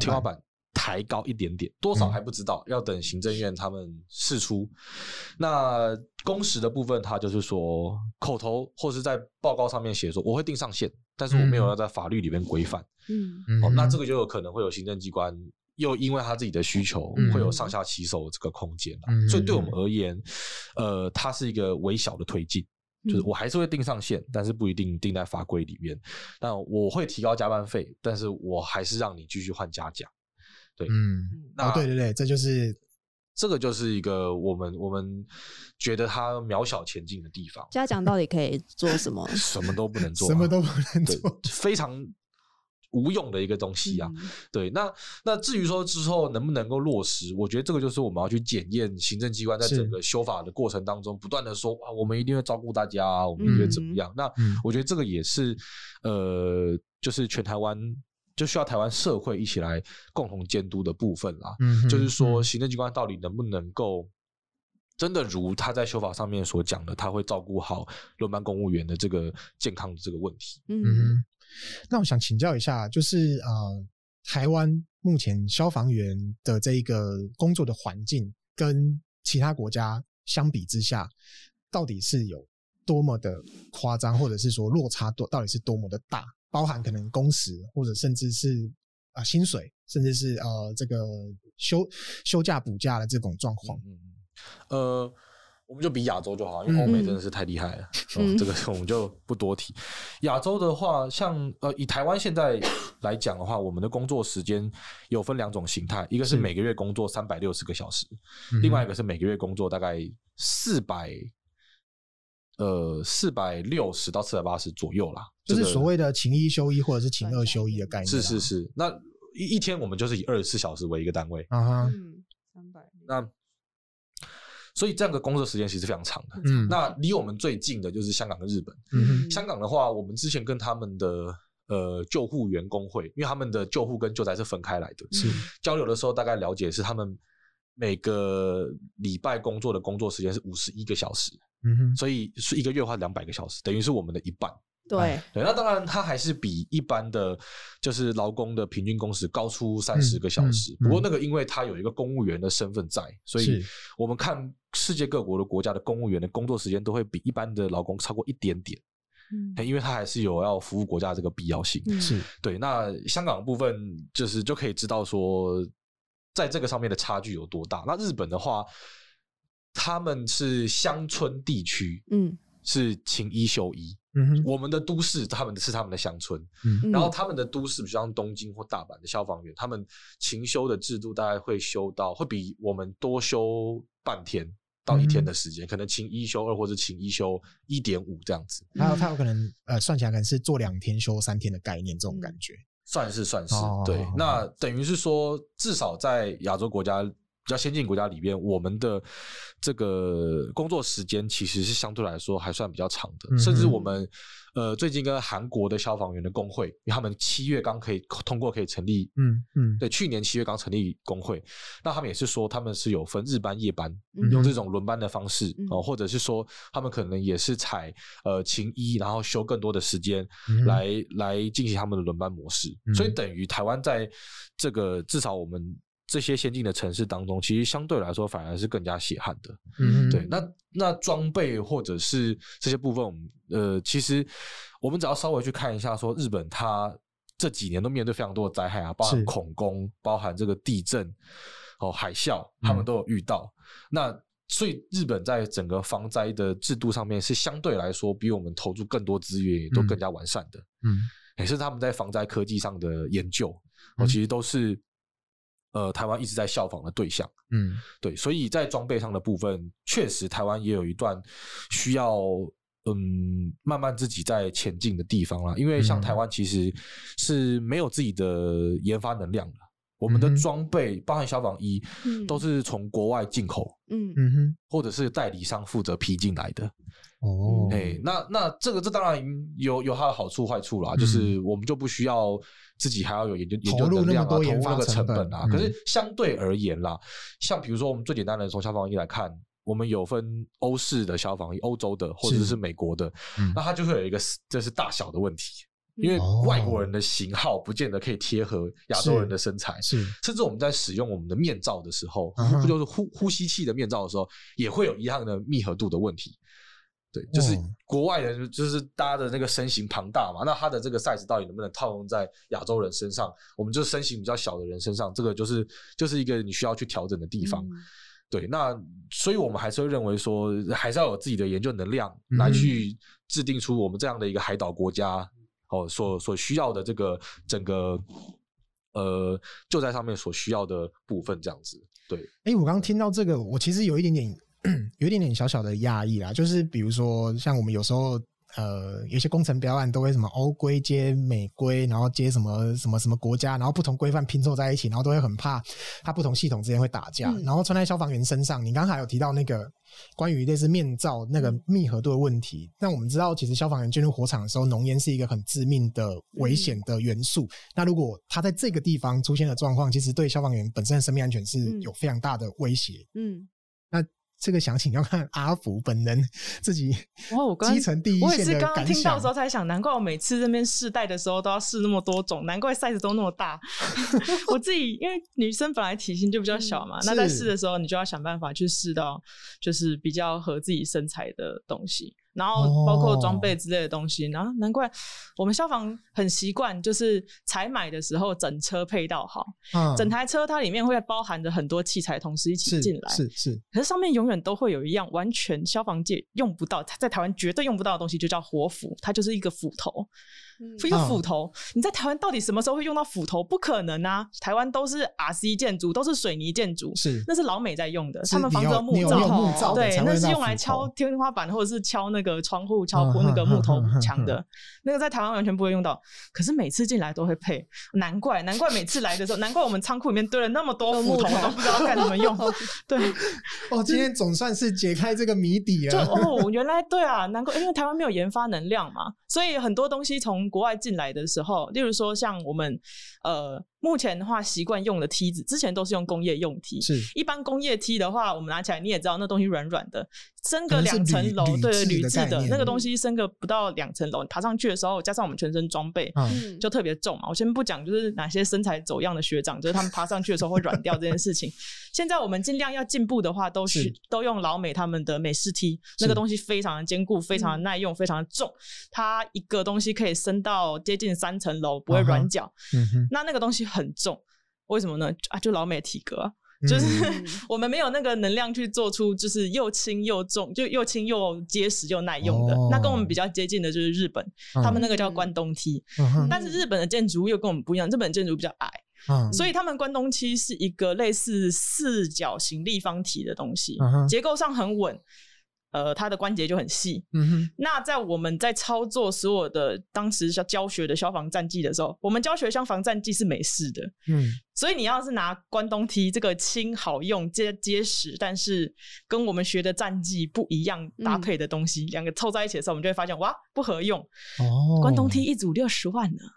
天花板。抬高一點點，多少還不知道，嗯、要等行政院他們釋出。那工時的部分，他就是說口頭或是在報告上面寫說我會定上限，但是我沒有要在法律裡面規範。嗯，哦，那這個就有可能會有行政機關又因為他自己的需求會有上下其手這個空間，嗯、所以對我們而言，呃，它是一個微小的推進，就是我還是會定上限，但是不一定定在法規裡面。那我會提高加班費，但是我還是讓你繼續換嘉獎。對，嗯，那、哦、對對對，這就是這個就是一個我們我們覺得它渺小前進的地方。家長到底可以做什麼？ 什麼都不能做，啊，什麼都不能做對，就非常無用的一個東西啊、嗯。對，那那至於說之後能不能夠落實，我覺得這個就是我們要去檢驗行政機關在整個修法的過程當中，是不斷的說、啊，我們一定會照顧大家，我們一定會怎麼樣。嗯、那、嗯、我覺得這個也是，呃，就是全台灣。就需要台灣社會一起來共同監督的部分啦。嗯，就是說，行政機關到底能不能夠真的如他在修法上面所講的，他會照顧好輪班公務員的這個健康的這個問題？嗯，那我想請教一下，就是啊、呃、台灣目前消防員的這一個工作的環境跟其他國家相比之下，到底是有多麼的誇張，或者是說落差多，到底是多麼的大？包含可能工時或者甚至是啊、呃、薪水，甚至是、呃、這個休休假補假的這種狀況。嗯,嗯呃，我們就比亞洲就好，因為歐美真的是太厲害了嗯嗯、嗯。這個我們就不多提。亞 洲的話，像呃以台灣現在來講的話，我們的工作時間有分兩種形態，一個是每個月工作三百六十個小時，是另外一個是每個月工作大概四百、嗯嗯，呃四百六十到四百八十左右啦。就是所謂的勤一休一，或者是勤二休一的概念、啊。是是是，那一一天我們就是以二十四小時為一個單位。嗯、uh，三、huh、那所以這樣的工作時間其實非常長的。嗯，那離我們最近的就是香港跟日本。嗯哼。香港的話，我們之前跟他們的呃救護員工會，因為他們的救護跟救災是分開來的。是。交流的時候，大概了解是他們每個禮拜工作的工作時間是五十一個小時。嗯哼，所以是一個月花兩百個小時，等於是我們的一半。對對，那當然，他還是比一般的就是勞工的平均工時高出三十個小時。嗯嗯嗯、不過，那個因為他有一個公務員的身份在，所以我們看世界各國的國家的公務員的工作時間都會比一般的勞工超過一點點。嗯，因為他還是有要服務國家這個必要性。是、嗯、對。那香港的部分，就是就可以知道說，在這個上面的差距有多大。那日本的話，他們是鄉村地區，嗯，是勤一休一。嗯、哼，我們的都市，他們是他們的鄉村，嗯、哼然後他們的都市，比如像東京或大阪的消防員，他們勤休的制度大概會休到會比我們多休半天到一天的時間，嗯、哼可能勤一休二或者勤一休一點五這樣子。然後、嗯、他有可能，呃，算起來可能是做兩天休三天的概念，這種感覺，算是算是，哦、對。哦、那等於是說，至少在亞洲國家。比較先進國家裡邊，我們的這個工作時間其實是相對來說還算比較長的，嗯、哼甚至我們呃最近跟韓國的消防員的工會，因為他們七月剛可以通過可以成立，嗯嗯，嗯對，去年七月剛成立工會，那他們也是說他們是有分日班夜班，用、嗯、哼這種輪班的方式哦、呃，或者是說他們可能也是採呃勤一然後休更多的時間來、嗯、哼來進行他們的輪班模式，嗯、哼所以等於台灣在這個至少我們。這些先進的城市當中，其實相對來說反而是更加血汗的。嗯哼，對。那那裝備或者是這些部分我們，我呃，其實我們只要稍微去看一下，說日本它這幾年都面對非常多的災害啊，包含恐攻，是包含這個地震、哦海嘯，他們都有遇到。嗯、那所以日本在整個防災的制度上面，是相對來說比我們投入更多資源，也都更加完善的。嗯，也是、欸、他們在防災科技上的研究，嗯、哦，其實都是。呃，台灣一直在效仿的對象，嗯，對，所以在裝備上的部分，確實台灣也有一段需要嗯慢慢自己在前進的地方啦。因為像台灣其實是沒有自己的研發能量的。我們的裝備，嗯、哼包含消防衣，嗯、都是從國外進口，嗯，或者是代理商負責批進來的。哦、嗯嗯，欸，那那這個這當然有有它的好處壞處啦，嗯、就是我們就不需要自己還要有研究研究能量啊，投入那麼多研發的成本啊。本啊嗯、，可是相對而言啦，像比如說，我們最簡單的從消防衣來看，我們有分歐式的消防衣、歐洲的或者是美國的，嗯、那它就會有一個，這是大小的問題。因為外國人的型號不見得可以貼合亞洲人的身材，是，甚至我們在使用我們的面罩的時候，就是呼呼吸器的面罩的時候，也會有一樣的密合度的問題。對，就是國外人就是大家的那個身形龐大嘛，那他的這個 size 到底能不能套用在亞洲人身上？我們就是身形比較小的人身上，這個就是就是一個你需要去調整的地方。對，那所以我們還是會認為說，還是要有自己的研究能量來去制定出我們這樣的一個海島國家。哦，所所需要的這個整個，呃，就在上面所需要的部分，這樣子。對，哎、欸，我剛剛聽到這個，我其實有一點點，有一點點小小的訝異啦。就是比如說，像我們有時候。呃，有些工程標案都會什麼歐規接美規，然後接什麼什麼什麼國家，然後不同規範拼湊在一起，然後都會很怕它，不同系統之間會打架。嗯、然後穿在消防員身上，你剛才有提到那個關於類似面罩那個密合度的問題。那我們知道，其實消防員進入火場的時候，濃煙是一個很致命的危險的元素。嗯、那如果他在這個地方出現的狀況，其實對消防員本身的生命安全是有非常大的威脅。嗯。嗯這個詳情要看阿福本人自己哦，我剛剛，基層第一線我也是剛剛聽到的時候才想，難怪我每次這邊試戴的時候都要試那麼多種，難怪 size 都那麼大。 我自己因為女生本來體型就比較小嘛，嗯、那在試的時候你就要想辦法去試到就是比較合自己身材的東西。然後包括裝備之類的東西，然後難怪我們消防很習慣，就是採買的時候整車配套好，整台車它裡面會包含着很多器材，同時一起進來。是是。可是上面永遠都會有一樣完全消防界用不到，它在台灣絕對用不到的東西，就叫火斧，它就是一個斧頭。嗯啊、一個斧頭，你在台灣到底什麼時候會用到斧頭？不可能啊！台灣都是 RC 建築，都是水泥建築，是那是老美在用的，是他們房子都木造，木造，對，那是用來敲天花板或者是敲那個窗戶、敲破那個木頭牆的。嗯嗯嗯嗯嗯、那個在台灣完全不會用到。可是每次進來都會配，難怪，難怪每次來的時候， 難怪我們倉庫裡面堆了那麼多斧頭都不知道幹什麼用。哦、對，哦，今天總算是解開這個謎底了就。哦，原來對啊，難怪，因為台灣沒有研發能量嘛，所以很多東西從。國外進來的時候，例如說像我們，呃。目前的話，習慣用的梯子，之前都是用工業用梯。是。一般工業梯的話，我們拿起來，你也知道，那東西軟軟的，升個兩層樓，對對，鋁制的那個東西升個不到兩層樓，爬上去的時候，加上我們全身裝備，嗯，就特別重嘛。我先不講，就是哪些身材走樣的學長，就是他們爬上去的時候會軟掉這件事情。現在我們盡量要進步的話，都是都用老美他們的美式梯，那個東西非常的堅固，非常的耐用，非常的重，它一個東西可以升到接近三層樓，不會軟腳。嗯哼。那那個東西。很重，為什麼呢？啊，就老美體格、啊，嗯、就是我們沒有那個能量去做出，就是又輕又重，就又輕又結實又耐用的。哦、那跟我們比較接近的就是日本，嗯、他們那個叫關東梯，嗯、但是日本的建築又跟我們不一樣，日本建築比較矮，嗯、所以他們關東梯是一個類似四角形立方體的東西，嗯、結構上很穩。呃，它的關節就很細。嗯哼。那在我們在操作所有的當時教學的消防戰技的時候，我們教學消防戰技是沒事的。嗯。所以你要是拿關東梯這個輕好用、結結實，但是跟我們學的戰技不一樣搭配的東西，兩、嗯、個湊在一起的時候，我們就會發現哇，不合用。哦。關東梯一組六十萬呢、啊，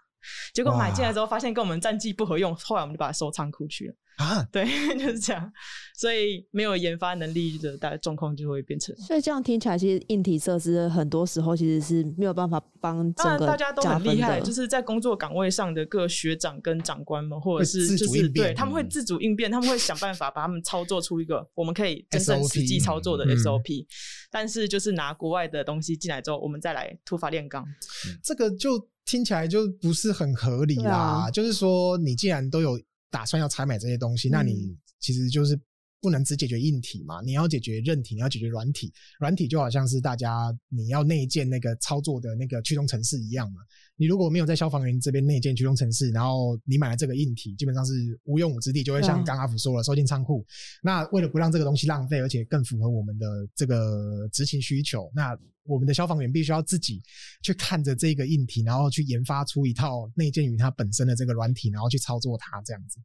結果買進來之後發現跟我們戰技不合用，哇後來我們就把它收倉庫去了。啊，對，就是這樣，所以沒有研发能力的，大概狀況就會變成。所以這樣聽起來，其實硬體設施很多時候其實是沒有辦法幫。當然，大家都很厲害，就是在工作崗位上的各學長跟長官們，或者是就是對，嗯、他們會自主應變，他們會想辦法把他們操作出一個我們可以真正實際操作的 SOP、嗯。但是，就是拿國外的東西進來之後，我們再來突发煉鋼、嗯，這個就聽起來就不是很合理啦。啊、就是說，你既然都有。打算要採買這些東西，那你其實就是不能只解決硬體嘛，你要解決韌體，你要解決軟體，軟體就好像是大家你要內建那個操作的那個驅動程式一樣嘛。你如果沒有在消防員這邊內建驅動程式，然後你買了這個硬體，基本上是無用武之地，就會像剛剛阿福說了，哦、收進倉庫。那為了不讓這個東西浪費，而且更符合我們的這個執行需求，那我們的消防員必須要自己去看着這個硬體，然後去研發出一套內建於它本身的這個軟體，然後去操作它這樣子。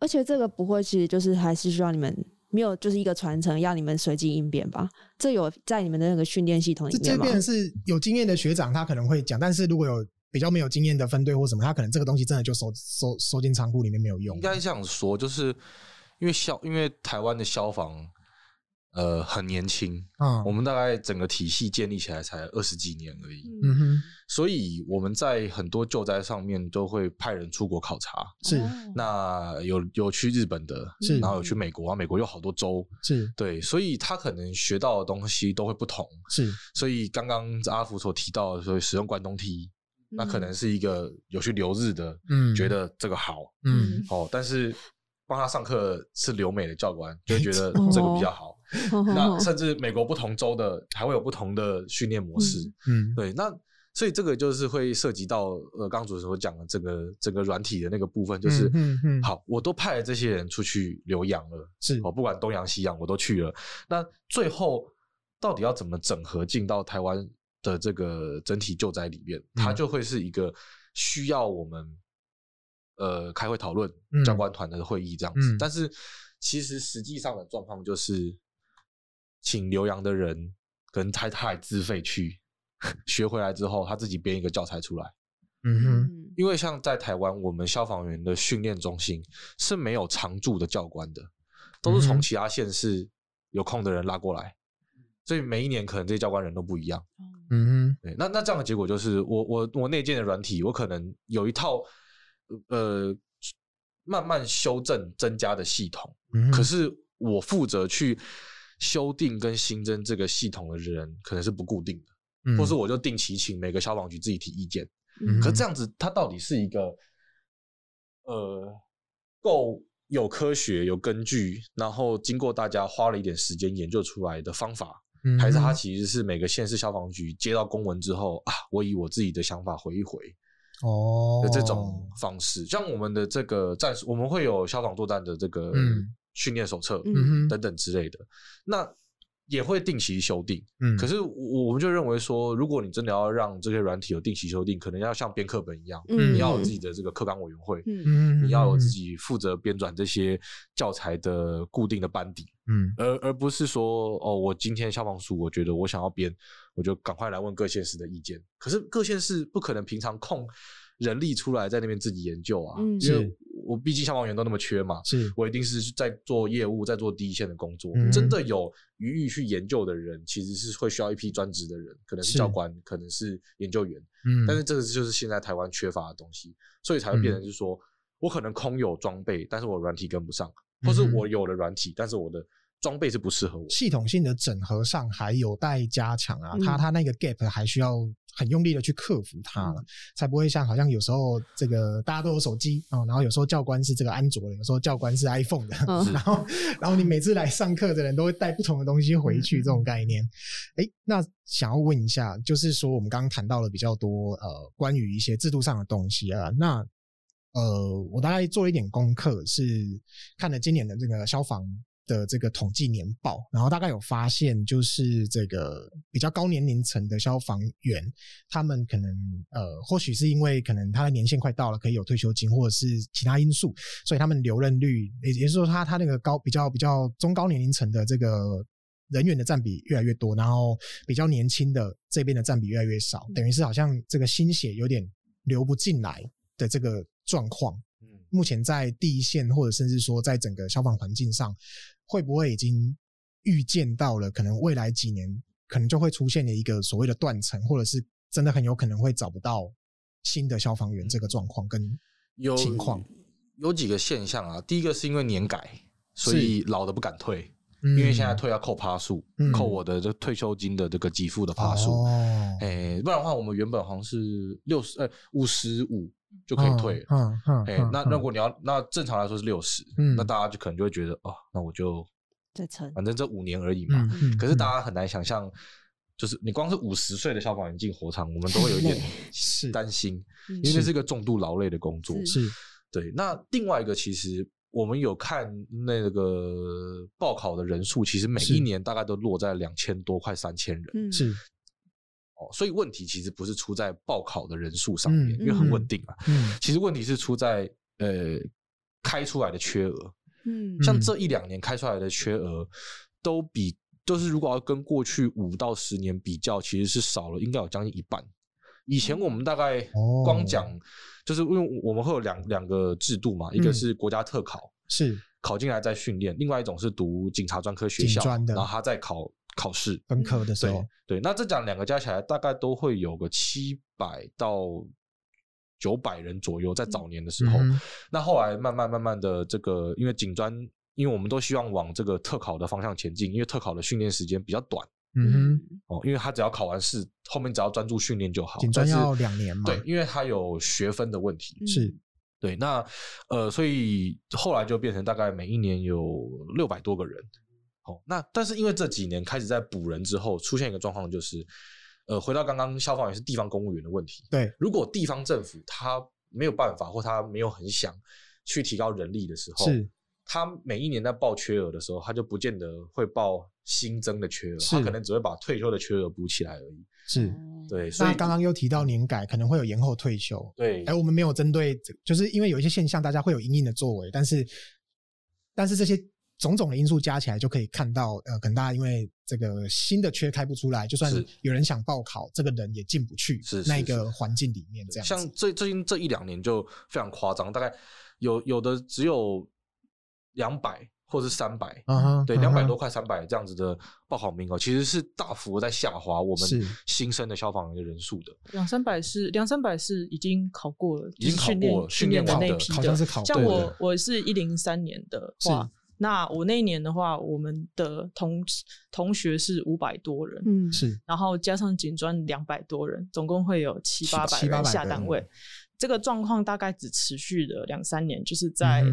而且這個不會是就是還是需要你們沒有就是一個傳承，要你們隨機應變吧？這有在你們的那個訓練系統裡面嗎？這邊是有經驗的學長他可能會講，但是如果有。比較沒有經驗的分隊或什麼，他可能這個東西真的就收收收進倉庫裡面沒有用。應該是這樣說，就是因為消，因為台灣的消防，呃，很年輕啊，嗯嗯我們大概整個體系建立起來才二十幾年而已。嗯哼，所以我們在很多救災上面都會派人出國考察，是那有有去日本的，是然後有去美國啊，美國有好多州，是對，所以他可能學到的東西都會不同，是，所以剛剛阿福所提到的，所以使用關東梯。那可能是一個有去留日的，嗯、覺得這個好，嗯，哦、喔，但是幫他上課是留美的教官就、嗯、覺得這個比較好。哦、 那甚至美國不同州的還會有不同的訓練模式，嗯，嗯對。那所以這個就是會涉及到呃，剛主持人講的這個整個軟體的那個部分，就是嗯嗯，好，我都派了這些人出去留洋了，是哦、喔，不管東洋西洋我都去了。那最後到底要怎麼整合進到台灣？的這個整體救災裡面，它、嗯、就會是一個需要我們呃開會討論教官團的會議這樣子。嗯嗯、但是其實實際上的狀況就是，請留洋的人跟太太自費去學回來之後，他自己編一個教材出來。嗯哼嗯，因為像在台灣，我們消防員的訓練中心是沒有常駐的教官的，都是從其他縣市有空的人拉過來。嗯所以每一年可能這些教官人都不一樣，嗯哼，對，那那這樣的結果就是我，我我我內建的軟體，我可能有一套呃慢慢修正增加的系統，嗯哼，可是我負責去修訂跟新增這個系統的人，可能是不固定的，嗯哼，或是我就定期請每個消防局自己提意見，嗯哼，可這樣子，它到底是一個呃夠有科學有根據，然後經過大家花了一點時間研究出來的方法。還是他其實是每個縣市消防局接到公文之後、嗯、哼啊，我以我自己的想法回一回哦的這種方式、哦、像我們的這個戰術，我們會有消防作戰的這個訓練手冊，嗯等等之類的，嗯嗯、那。也會定期修訂，嗯，可是我我們就認為說，如果你真的要讓這些軟體有定期修訂，可能要像編課本一樣，嗯，你要有自己的這個課綱委員會，嗯嗯，你要有自己負責編纂這些教材的固定的班底，嗯，而而不是說哦，我今天消防署，我覺得我想要編，我就趕快來問各縣市的意見，可是各縣市不可能平常空人力出來在那邊自己研究啊，嗯，是。我畢竟消防員都那麼缺嘛，是我一定是在做業務，在做第一線的工作。嗯、真的有餘力去研究的人，其實是會需要一批專職的人，可能是教官，是可能是研究員。嗯，但是這個是就是現在台灣缺乏的東西，所以才會變成就是說、嗯、我可能空有裝備，但是我軟體跟不上，或是我有了軟體，嗯、但是我的。裝備是不適合我，系統性的整合上還有待加強啊，嗯、它它那個 gap 還需要很用力的去克服它，了、嗯，才不會像好像有時候這個大家都有手機啊、嗯，然後有時候教官是這個安卓的，有時候教官是 iPhone 的，嗯、然後是然後你每次來上課的人都會帶不同的東西回去，嗯、這種概念。哎，那想要問一下，就是說我們剛剛談到了比較多呃關於一些制度上的東西啊，那呃我大概做一點功課是看了今年的這個消防的這個統計年報，然後大概有發現，就是這個比較高年齡層的消防員，他們可能呃，或許是因為可能他的年限快到了，可以有退休金，或者是其他因素，所以他們留任率也也就是說他，他他那個高比較比較中高年齡層的這個人員的佔比越來越多，然後比較年輕的這邊的佔比越來越少，等於是好像這個新血有點流不進來的這個狀況。目前在第一線，或者甚至說在整個消防環境上，會不會已經預見到了可能未來幾年可能就會出現的一個所謂的斷層，或者是真的很有可能會找不到新的消防員這個狀況跟情況？有幾個現象啊，第一個是因為年改，所以老的不敢退，嗯、因為現在退要扣趴數，嗯、扣我的這退休金的這個給付的趴數。哦，哎、欸，不然的話，我們原本好像是六十，欸，呃，五十五。就可以退了。哎，那如果你要，那正常來說是六十，那大家就可能就會覺得，哦，那我就再撐，反正這五年而已嘛。可是大家很難想象，就是你光是五十歲的消防員進火場，我們都會有一點擔心，因為這是個重度勞累的工作。是對。那另外一個，其實我們有看那個報考的人數，其實每一年大概都落在兩千多、快三千人。是。哦，所以問題其實不是出在報考的人數上面，嗯嗯、因為很穩定啊。嗯嗯、其實問題是出在呃開出來的缺額。嗯，像這一兩年開出來的缺額都比，嗯、就是如果要跟過去五到十年比較，其實是少了，應該有將近一半。以前我們大概光講，哦、就是因為我們會有兩兩個制度嘛，嗯、一個是國家特考，是考進來再訓練，另外一種是讀警察專科學校，然後他再考。考試本科的時候，對，那這講兩個加起來大概都會有個七百到九百人左右，在早年的時候。嗯、哼那後來慢慢慢慢的，這個因為警專，因為我們都希望往這個特考的方向前進，因為特考的訓練時間比較短。嗯哼，哦，因為他只要考完試，後面只要專注訓練就好。警專要兩年嘛？對，因為他有學分的問題。是，對，那呃，所以後來就變成大概每一年有六百多個人。哦、那但是因為這幾年開始在補人之後，出現一個狀況就是，呃，回到剛剛消防員是地方公務員的問題。對，如果地方政府他沒有辦法，或他沒有很想去提高人力的時候，是，他每一年在報缺額的時候，他就不見得會報新增的缺額，是他可能只會把退休的缺額補起來而已。是，對。所以剛剛又提到年改可能會有延後退休，對。哎、欸，我們沒有針對就是因為有一些現象，大家會有因應的作為，但是，但是這些。種種的因素加起來，就可以看到，呃，可能大家因為這個新的缺開不出來，就算是有人想報考，這個人也進不去那個環境裡面。這樣，像最最近這一兩年就非常誇張，大概有有的只有兩百或是三百，對，兩百多塊三百這樣子的報考名額，其實是大幅在下滑。我們新生的消防員的人數的兩三百是兩三百是已經考過了，已經考過訓練的那批的，像我我是一零三年的。哇。那我那一年的話，我們的同同學是五百多人，嗯，是，然後加上警專兩百多人，總共會有七八百人下單位。這個狀況大概只持續了兩三年，就是在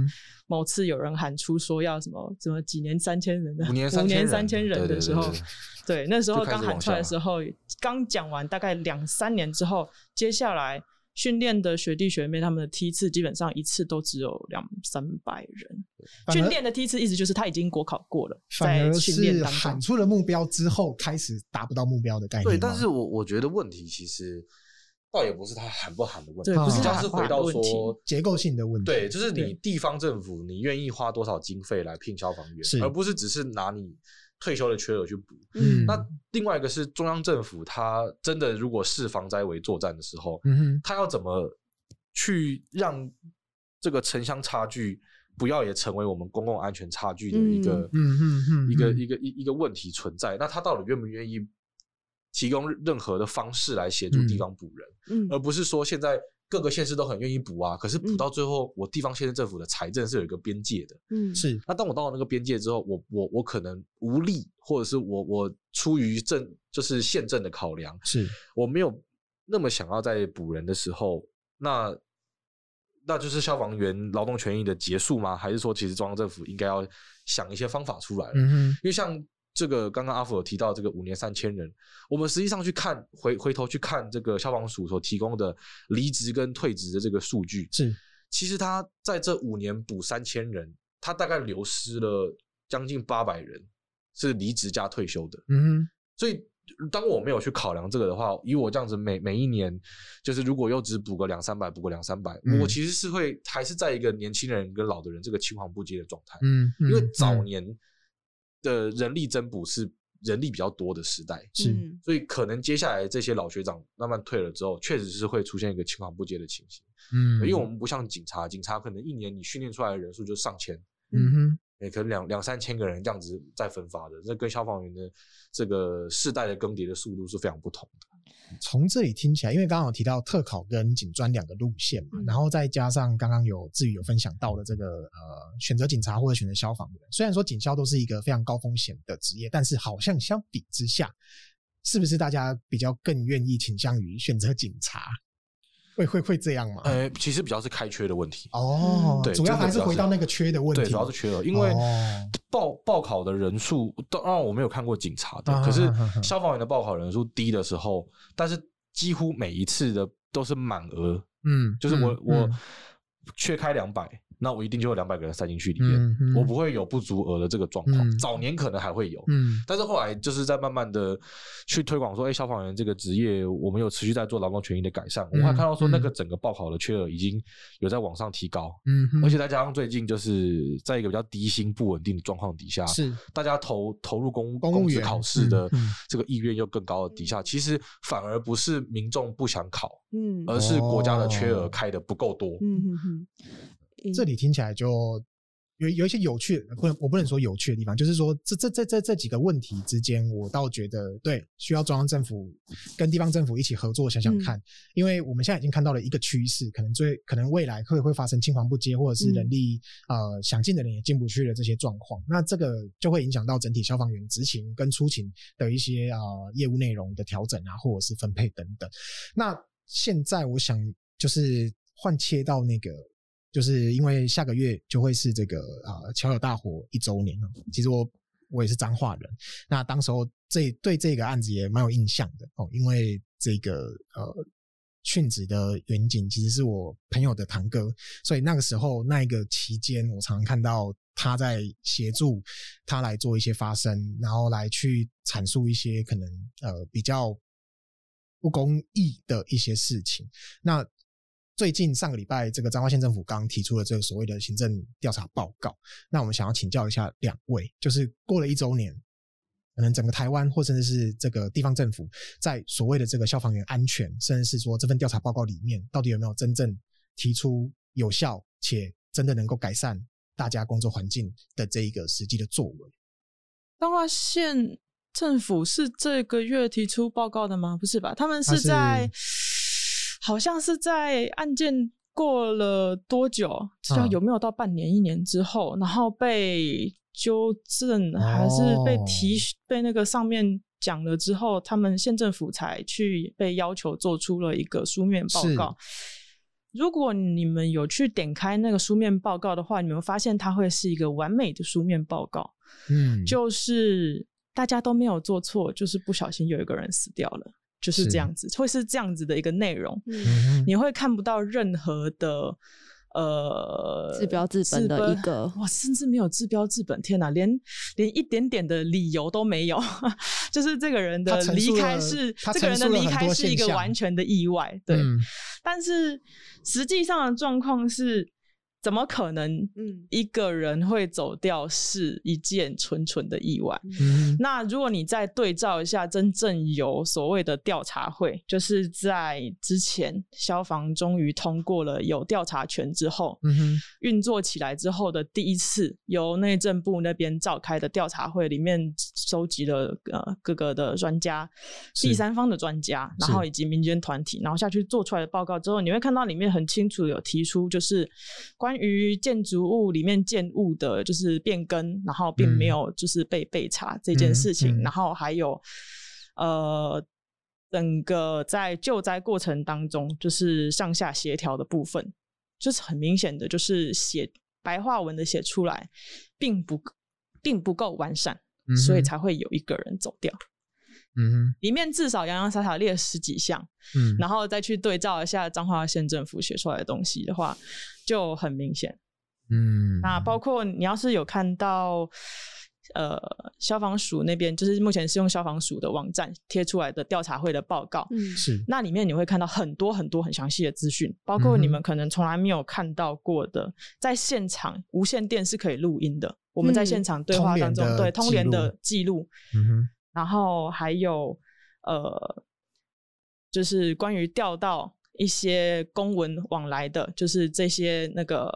某次有人喊出說要什麼什麼幾年三千人的五年三千人五年三千人的時候，對,對,對,對,對，那時候剛喊出來的時候，剛講完大概兩三年之後，接下來。訓練的學弟學妹，他們的梯次基本上一次都只有兩三百人。訓練而的梯次意思就是他已經國考過了，反而是喊出了目標之後開始達不到目標的概念。對，但是我我覺得問題其實倒也不是他喊不喊的問題，對不是，而是回到說結構性的問題。對，就是你地方政府，你願意花多少經費來聘消防員，是而不是只是拿你。退休的缺額去補，嗯、那另外一個是中央政府，他真的如果視防災為作戰的時候，他、嗯、哼要怎麼去讓這個城鄉差距不要也成為我們公共安全差距的一個、嗯、一個一個一一個問題存在？嗯、哼那他到底願不願意提供任何的方式來協助地方補人，嗯嗯、而不是說現在？各個縣市都很願意補啊，可是補到最後，嗯、我地方縣政府的財政是有一個邊界的，嗯，是。那當我到了那個邊界之後，我我我可能無力，或者是我我出於政就是縣政的考量，是我沒有那麼想要再補人的時候，那那就是消防員勞動權益的結束嗎？還是說，其實中央政府應該要想一些方法出來？嗯哼，因為像。這個剛剛阿福有提到這個五年三千人，我們實際上去看回回頭去看這個消防署所提供的離職跟退職的這個數據，是其實他在這五年補三千人，他大概流失了將近八百人，是離職加退休的。嗯哼，所以當我沒有去考量這個的話，以我這樣子每每一年，就是如果又只補個兩三百，補個兩三百，嗯、我其實是會還是在一個年輕人跟老的人這個青黃不接的狀態。嗯，嗯，因為早年，嗯的人力增補是人力比較多的時代，是，所以可能接下來這些老學長慢慢退了之後，確實是會出現一個青黃不接的情形。嗯哼，因為我們不像警察，警察可能一年你訓練出來的人數就上千，嗯哼，也、欸、可能兩兩三千個人這樣子在分發的，這跟消防員的這個世代的更迭的速度是非常不同的。從這裡聽起來，因為剛剛有提到特考跟警專兩個路線嘛、嗯、然後再加上剛剛有智宇有分享到的這個、呃、選擇警察或者選擇消防員，雖然說警消都是一個非常高風險的職業，但是好像相比之下，是不是大家比較更願意傾向於選擇警察？會會會這樣嗎、欸？其實比較是開缺的問題哦、嗯，對，主要還是回到那個缺的問題的，對，主要是缺的因為。哦報報考的人數，當然我沒有看過警察的，啊、可是消防員的報考人數低的時候，但是幾乎每一次的都是滿額，嗯，就是我、嗯、我缺開兩百。那我一定就有兩百個人塞進去裡面，我不會有不足額的這個狀況。早年可能還會有，但是後來就是在慢慢的去推廣說，哎，消防員這個職業，我們有持續在做勞動權益的改善。我們還看到說，那個整個報考的缺額已經有在往上提高，嗯，而且再加上最近就是在一個比較低薪、不穩定的狀況底下，是大家投投入公公務員考試的這個意願又更高的底下，其實反而不是民眾不想考，嗯，而是國家的缺額開的不夠多，嗯嗯這裡聽起來就有有一些有趣，不，我不能說有趣的地方，就是說這這這這這幾個問題之間，我倒覺得對，需要中央政府跟地方政府一起合作想想看，嗯、因為我們現在已經看到了一個趨勢，可能最可能未來會會發生青黃不接，或者是人力、嗯、呃想進的人也進不去的這些狀況，那這個就會影響到整體消防員執勤跟出勤的一些啊、呃、業務內容的調整啊，或者是分配等等。那現在我想就是換切到那個。就是因為下個月就會是這個啊“喬、呃、友大火”一周年了。其實我我也是彰化人，那當時候這對這個案子也蠻有印象的哦，因為這個呃殉職的員警其實是我朋友的堂哥，所以那個時候那一個期間，我常常看到他在協助他來做一些發聲，然後來去闡述一些可能呃比較不公義的一些事情。那最近上個禮拜，這個彰化縣政府剛提出了這個所謂的行政調查報告。那我們想要請教一下兩位，就是過了一周年，可能整個台灣或甚至是這個地方政府，在所謂的這個消防員安全，甚至是說這份調查報告裡面，到底有沒有真正提出有效且真的能夠改善大家工作環境的這一個實際的作為？彰化縣政府是這個月提出報告的嗎？不是吧？他們是在。好像是在案件過了多久，不知道有沒有到半年、啊、一年之後，然後被糾正，還是被提、哦、被那個上面講了之後，他們縣政府才去被要求做出了一個書面報告。是，如果你們有去點開那個書面報告的話，你們發現它會是一個完美的書面報告。嗯，就是大家都沒有做錯，就是不小心有一個人死掉了。就是這樣子，是會是這樣子的一個內容，嗯、你會看不到任何的呃治標治本的一個本，哇，甚至沒有治標治本，天哪，連連一點點的理由都沒有， 就是這個人的離開是這個人的離開是一個完全的意外，對，嗯、但是實際上的狀況是。怎麼可能？嗯，一個人會走掉是一件純純的意外。嗯哼，那如果你再對照一下，真正有所謂的調查會，就是在之前消防終於通過了有調查權之後，運、嗯、哼作起來之後的第一次由內政部那邊召開的調查會裡面收集了呃各個的專家、是第三方的專家，然後以及民間團體，是然後下去做出來的報告之後，你會看到裡面很清楚有提出就是關。於建築物裡面建物的，就是變更，然後並沒有就是被被查這件事情，嗯嗯嗯、然後還有，呃，整個在救災過程當中，就是上下協調的部分，就是很明顯的就是寫白話文的寫出來並，並不並不夠完善，所以才會有一個人走掉。嗯，裡面至少洋洋灑灑列十幾項，嗯，然後再去對照一下彰化縣政府寫出來的東西的話，就很明顯。嗯，那包括你要是有看到，呃，消防署那邊就是目前是用消防署的網站貼出來的調查會的報告，嗯，是那裡面你會看到很多很多很詳細的資訊，包括你們可能從來沒有看到過的，嗯哼，在現場無線電是可以錄音的，我們在現場對話當中通連，對，通聯的記錄，嗯哼然後還有，呃，就是關於調到一些公文往來的，就是這些那個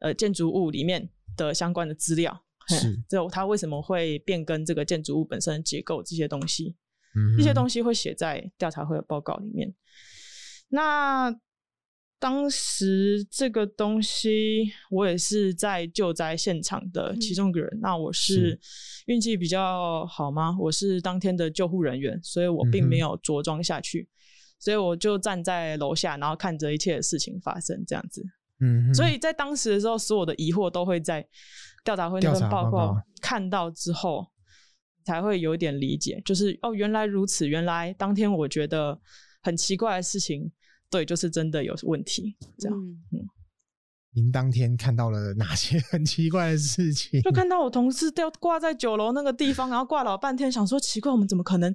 呃建築物裡面的相關的資料，是，就它為什麼會變更這個建築物本身的結構這些東西，嗯、哼這些東西會寫在調查會的報告裡面，那。當時這個東西，我也是在救災現場的其中一個人。嗯、那我是運氣比較好嗎？我是當天的救護人員，所以我並沒有着裝下去，嗯、哼所以我就站在樓下，然後看着一切的事情發生這樣子。嗯哼，所以在當時的時候，所有的疑惑都會在調查會那份報告好好看到之後，才會有一點理解。就是哦，原來如此，原來當天我覺得很奇怪的事情。對，就是真的有問題。這樣，嗯，嗯您當天看到了哪些很奇怪的事情？就看到我同事吊掛在九樓那個地方，然後掛老半天，想說奇怪，我們怎麼可能？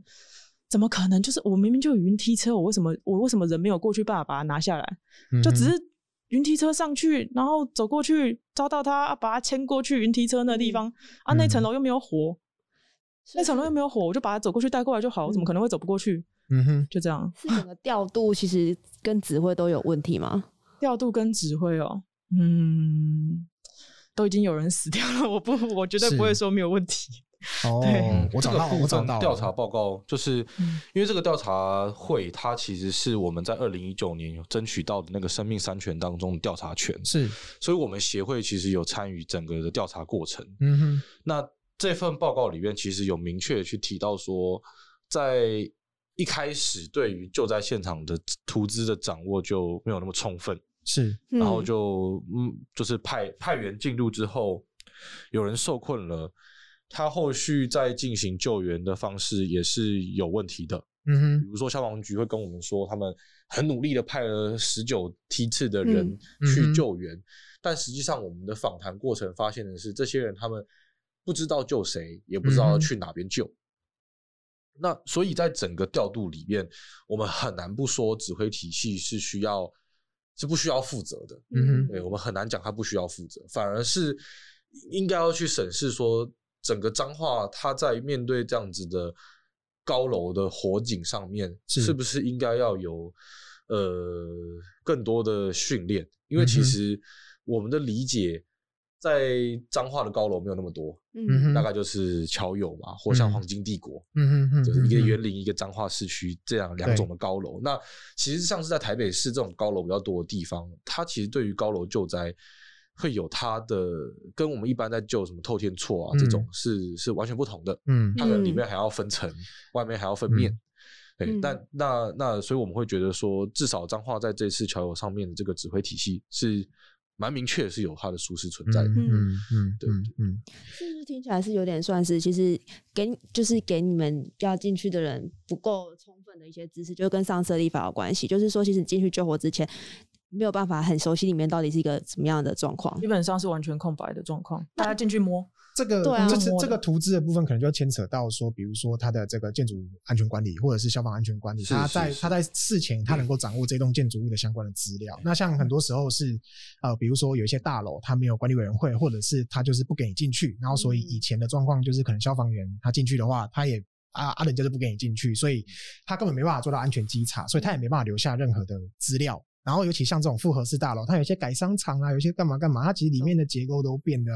怎麼可能？就是我明明就有雲梯車，我為什麼我為什麼人沒有過去辦法把把它拿下來？嗯、就只是雲梯車上去，然後走過去抓到他，把他牽過去雲梯車那個地方、嗯、啊，那層樓又沒有火，嗯、那層樓又,是又沒有火，我就把他走過去帶過來就好，我怎麼可能會走不過去？嗯嗯哼，就這樣是整個調度其實跟指揮都有問題嗎？調 度跟指揮哦、喔，嗯，都已經有人死掉了，我不，我絕對不會說沒有問題。哦是對、嗯，我找到了這個部分調查報告，就是因為這個調查會，它其實是我們在二零一九年有爭取到的那個生命三權當中的調查權，是，所以我們協會其實有參與整個的調查過程。嗯哼，那這份報告裡面其實有明確去提到說，在一開始對於救災現場的物資的掌握就沒有那麼充分，是，嗯、然後就嗯，就是派派員進入之後，有人受困了，他後續再進行救援的方式也是有問題的，嗯哼，比如說消防局會跟我們說，他們很努力的派了十九梯次的人去救援，嗯嗯、但實際上我們的訪談過程發現的是，這些人他們不知道救誰，也不知道去哪邊救。嗯那所以，在整個調度裡面，我們很難不說指揮體系是需要是不需要負責的。嗯哼，對，我們很難講它不需要負責，反而是應該要去審視說，整個彰化它在面對這樣子的高樓的火警上面，是不是應該要有是呃更多的訓練？因為其實我們的理解，嗯在彰化的高樓沒有那麼多，嗯哼，大概就是喬友嘛，或像黃金帝國，嗯嗯哼嗯，就是一個園林，嗯、哼一個彰化市區這樣兩種的高樓。對那其實像是在台北市這種高樓比較多的地方，它其實對於高樓救災會有它的，跟我們一般在救什麼透天厝啊這種是，嗯、是，是完全不同的。嗯哼，它的裡面還要分層，外面還要分面。誒,但那那所以我們會覺得說，至少彰化在這次喬友上面的這個指揮體系是。蠻明確是有它的疏失存在的，嗯嗯，對，嗯，嗯，對不對，是不是聽起來是有點算是其實給就是給你們要進去的人不夠充分的一些知識，就跟上次立法有關係，就是說其實你進去救火之前沒有辦法很熟悉裡面到底是一個什麼樣的狀況，基本上是完全空白的狀況，大家進去摸。這個、嗯、這是的這個圖紙的部分，可能就牽扯到說，比如說它的這個建築安全管理或者是消防安全管理他，它在它在事前它能夠掌握這棟建築物的相關的資料對。那像很多時候是，呃，比如說有一些大樓它沒有管理委員會，或者是他就是不給你進去，然後所以以前的狀況就是可能消防員他進去的話，他也啊啊人就是不給你進去，所以他根本沒辦法做到安全稽查，所以他也沒辦法留下任何的資料。然後，尤其像這種複合式大樓，它有些改商場啊，有些幹嘛幹嘛，它其實裡面的結構都變得、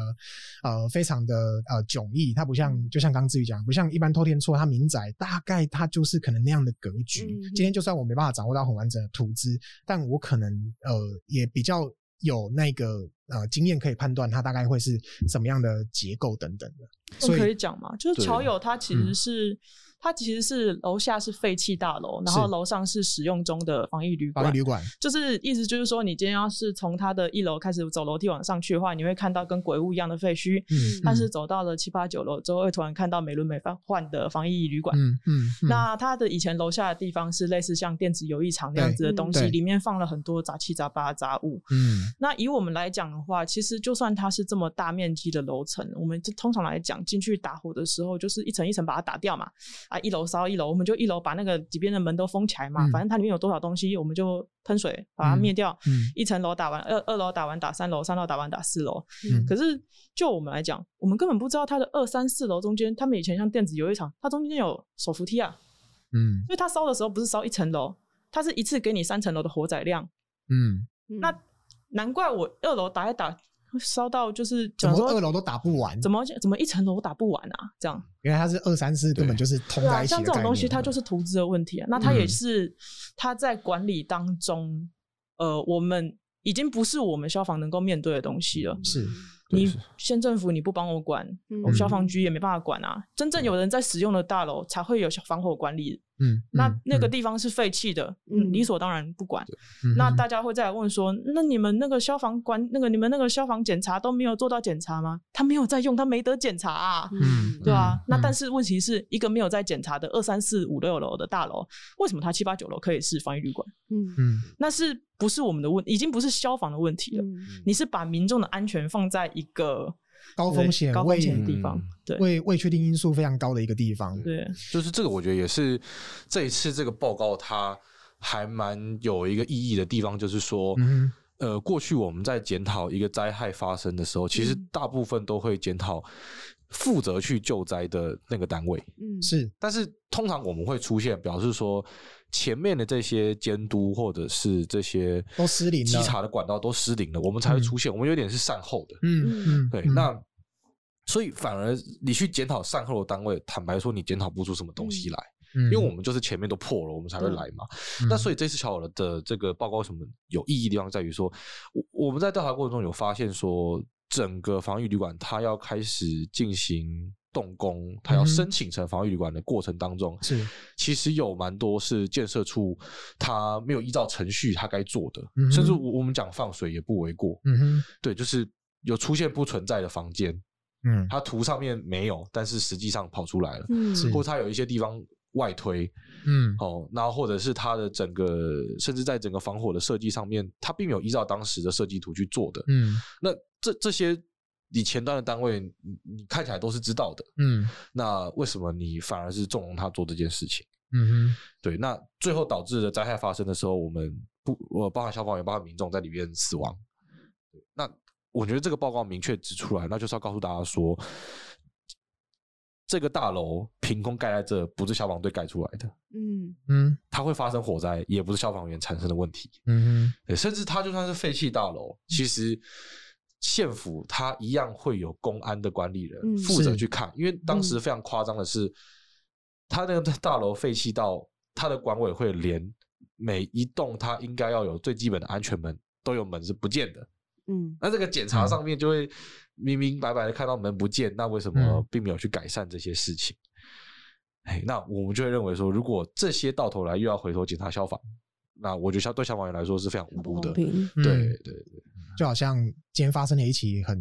嗯、呃非常的呃迥異。它不像，嗯、就像剛剛志宇講，不像一般透天厝，它民宅大概它就是可能那樣的格局。嗯、哼今天就算我沒辦法掌握到很完整的圖資，但我可能呃也比較有那個呃經驗可以判斷它大概會是什麼樣的結構等等的。嗯、所以可以講嗎，就是喬友他其實是。嗯它其實是樓下是廢棄大樓，然後樓上是使用中的防疫旅館。防疫旅館就是意思就是說，你今天要是從它的一樓開始走樓梯往上去的話，你會看到跟鬼屋一樣的廢墟。嗯。但是走到了七八九樓之後，會突然看到美輪美奐的防疫旅館。嗯。嗯嗯。那它的以前樓下的地方是類似像電子遊藝場那樣子的東西，對裡面放了很多雜七雜八的雜物。嗯。那以我們來講的話，其實就算它是這麼大面積的樓層，我們就通常來講進去打火的時候，就是一層一層把它打掉嘛。啊，一樓燒一樓，我們就一樓把那個幾邊的門都封起來嘛，嗯、反正它裡面有多少東西，我們就噴水把它滅掉。嗯嗯、一層樓打完，二二樓打完，打三樓，三樓打完，打四樓。嗯、可是就我們來講，我們根本不知道它的二三四樓中間，他們以前像電子遊樂場，它中間有手扶梯啊，嗯，所以它燒的時候不是燒一層樓，它是一次給你三層樓的火載量，嗯，那難怪我二樓打一打，燒到就是，怎麼二樓都打不完？怎麼怎麼一層樓都打不完啊？這樣，原來它是二三四根本就是對通在一起的概念。對啊，像這種東西，它就是投資的問題啊。那它也是，嗯、它在管理當中，呃，我們已經不是我們消防能夠面對的東西了。是，是你縣政府你不幫我管，嗯、我們消防局也沒辦法管啊。真正有人在使用的大樓，才會有防火管理。嗯，嗯，那那個地方是廢棄的，理、嗯、所當然不管。嗯、那大家會再來問說，嗯、那你們那個消防管，那個你們那個消防檢查都沒有做到檢查嗎？他沒有在用，他沒得檢查啊，對吧？那但是問題是、嗯、一個沒有在檢查的二三四五六樓的大樓，為什麼他七八九樓可以是防疫旅館？嗯嗯，那是不是我們的問，已經不是消防的問題了？嗯、你是把民眾的安全放在一個。高風險、危險的地方，對，未未確定因素非常高的一個地方，對，就是這個，我覺得也是這一次這個報告它還蠻有一個意義的地方，就是說，嗯哼，呃，過去我們在檢討一個災害發生的時候，其實大部分都會檢討。負責去救災的那個單位，嗯，是。但是通常我們會出現，表示說前面的這些監督或者是這些都失靈，稽查的管道都失靈了，我們才會出現。我們有點是善後的，嗯嗯，對。那所以反而你去檢討善後的單位，坦白說你檢討不出什麼東西來，嗯，因為我們就是前面都破了，我們才會來嘛。那所以這次喬友的這個報告什麼有意義的地方，在於說我我們在調查過程中有發現說。整個防疫旅館，它要開始進行動工，它要申請成防疫旅館的過程當中，是其實有蠻多是建設處它沒有依照程序它該做的，嗯哼，甚至我我們講放水也不為過，嗯哼，對，就是有出現不存在的房間，嗯，它圖上面沒有，但是實際上跑出來了，嗯，或它有一些地方外推，嗯，哦，那或者是它的整個，甚至在整個防火的設計上面，它並沒有依照當時的設計圖去做的，嗯，那這這些你前端的單位，你看起來都是知道的，嗯，那為什麼你反而是縱容他做這件事情？嗯哼，對，那最後導致的災害發生的時候，我們不，我包含消防員、包含民眾在裡面死亡，那我覺得這個報告明確指出來，那就是要告訴大家說。這個大樓憑空蓋在這，不是消防隊蓋出來的。嗯嗯，它會發生火災，也不是消防員產生的問題。嗯，甚至它就算是廢棄大樓，其實縣府它一樣會有公安的管理人負責去看。因為當時非常誇張的是，它那個大樓廢棄到它的管委會連每一棟它應該要有最基本的安全門都有門是不見的。嗯，那這個檢查上面就會明明白白的看到門不見，那為什麼並沒有去改善這些事情？哎、嗯，那我們就會認為說，如果這些到頭來又要回頭檢查消防，那我覺得對消防員來說是非常無辜的。對，對對對，就好像今天發生了一起很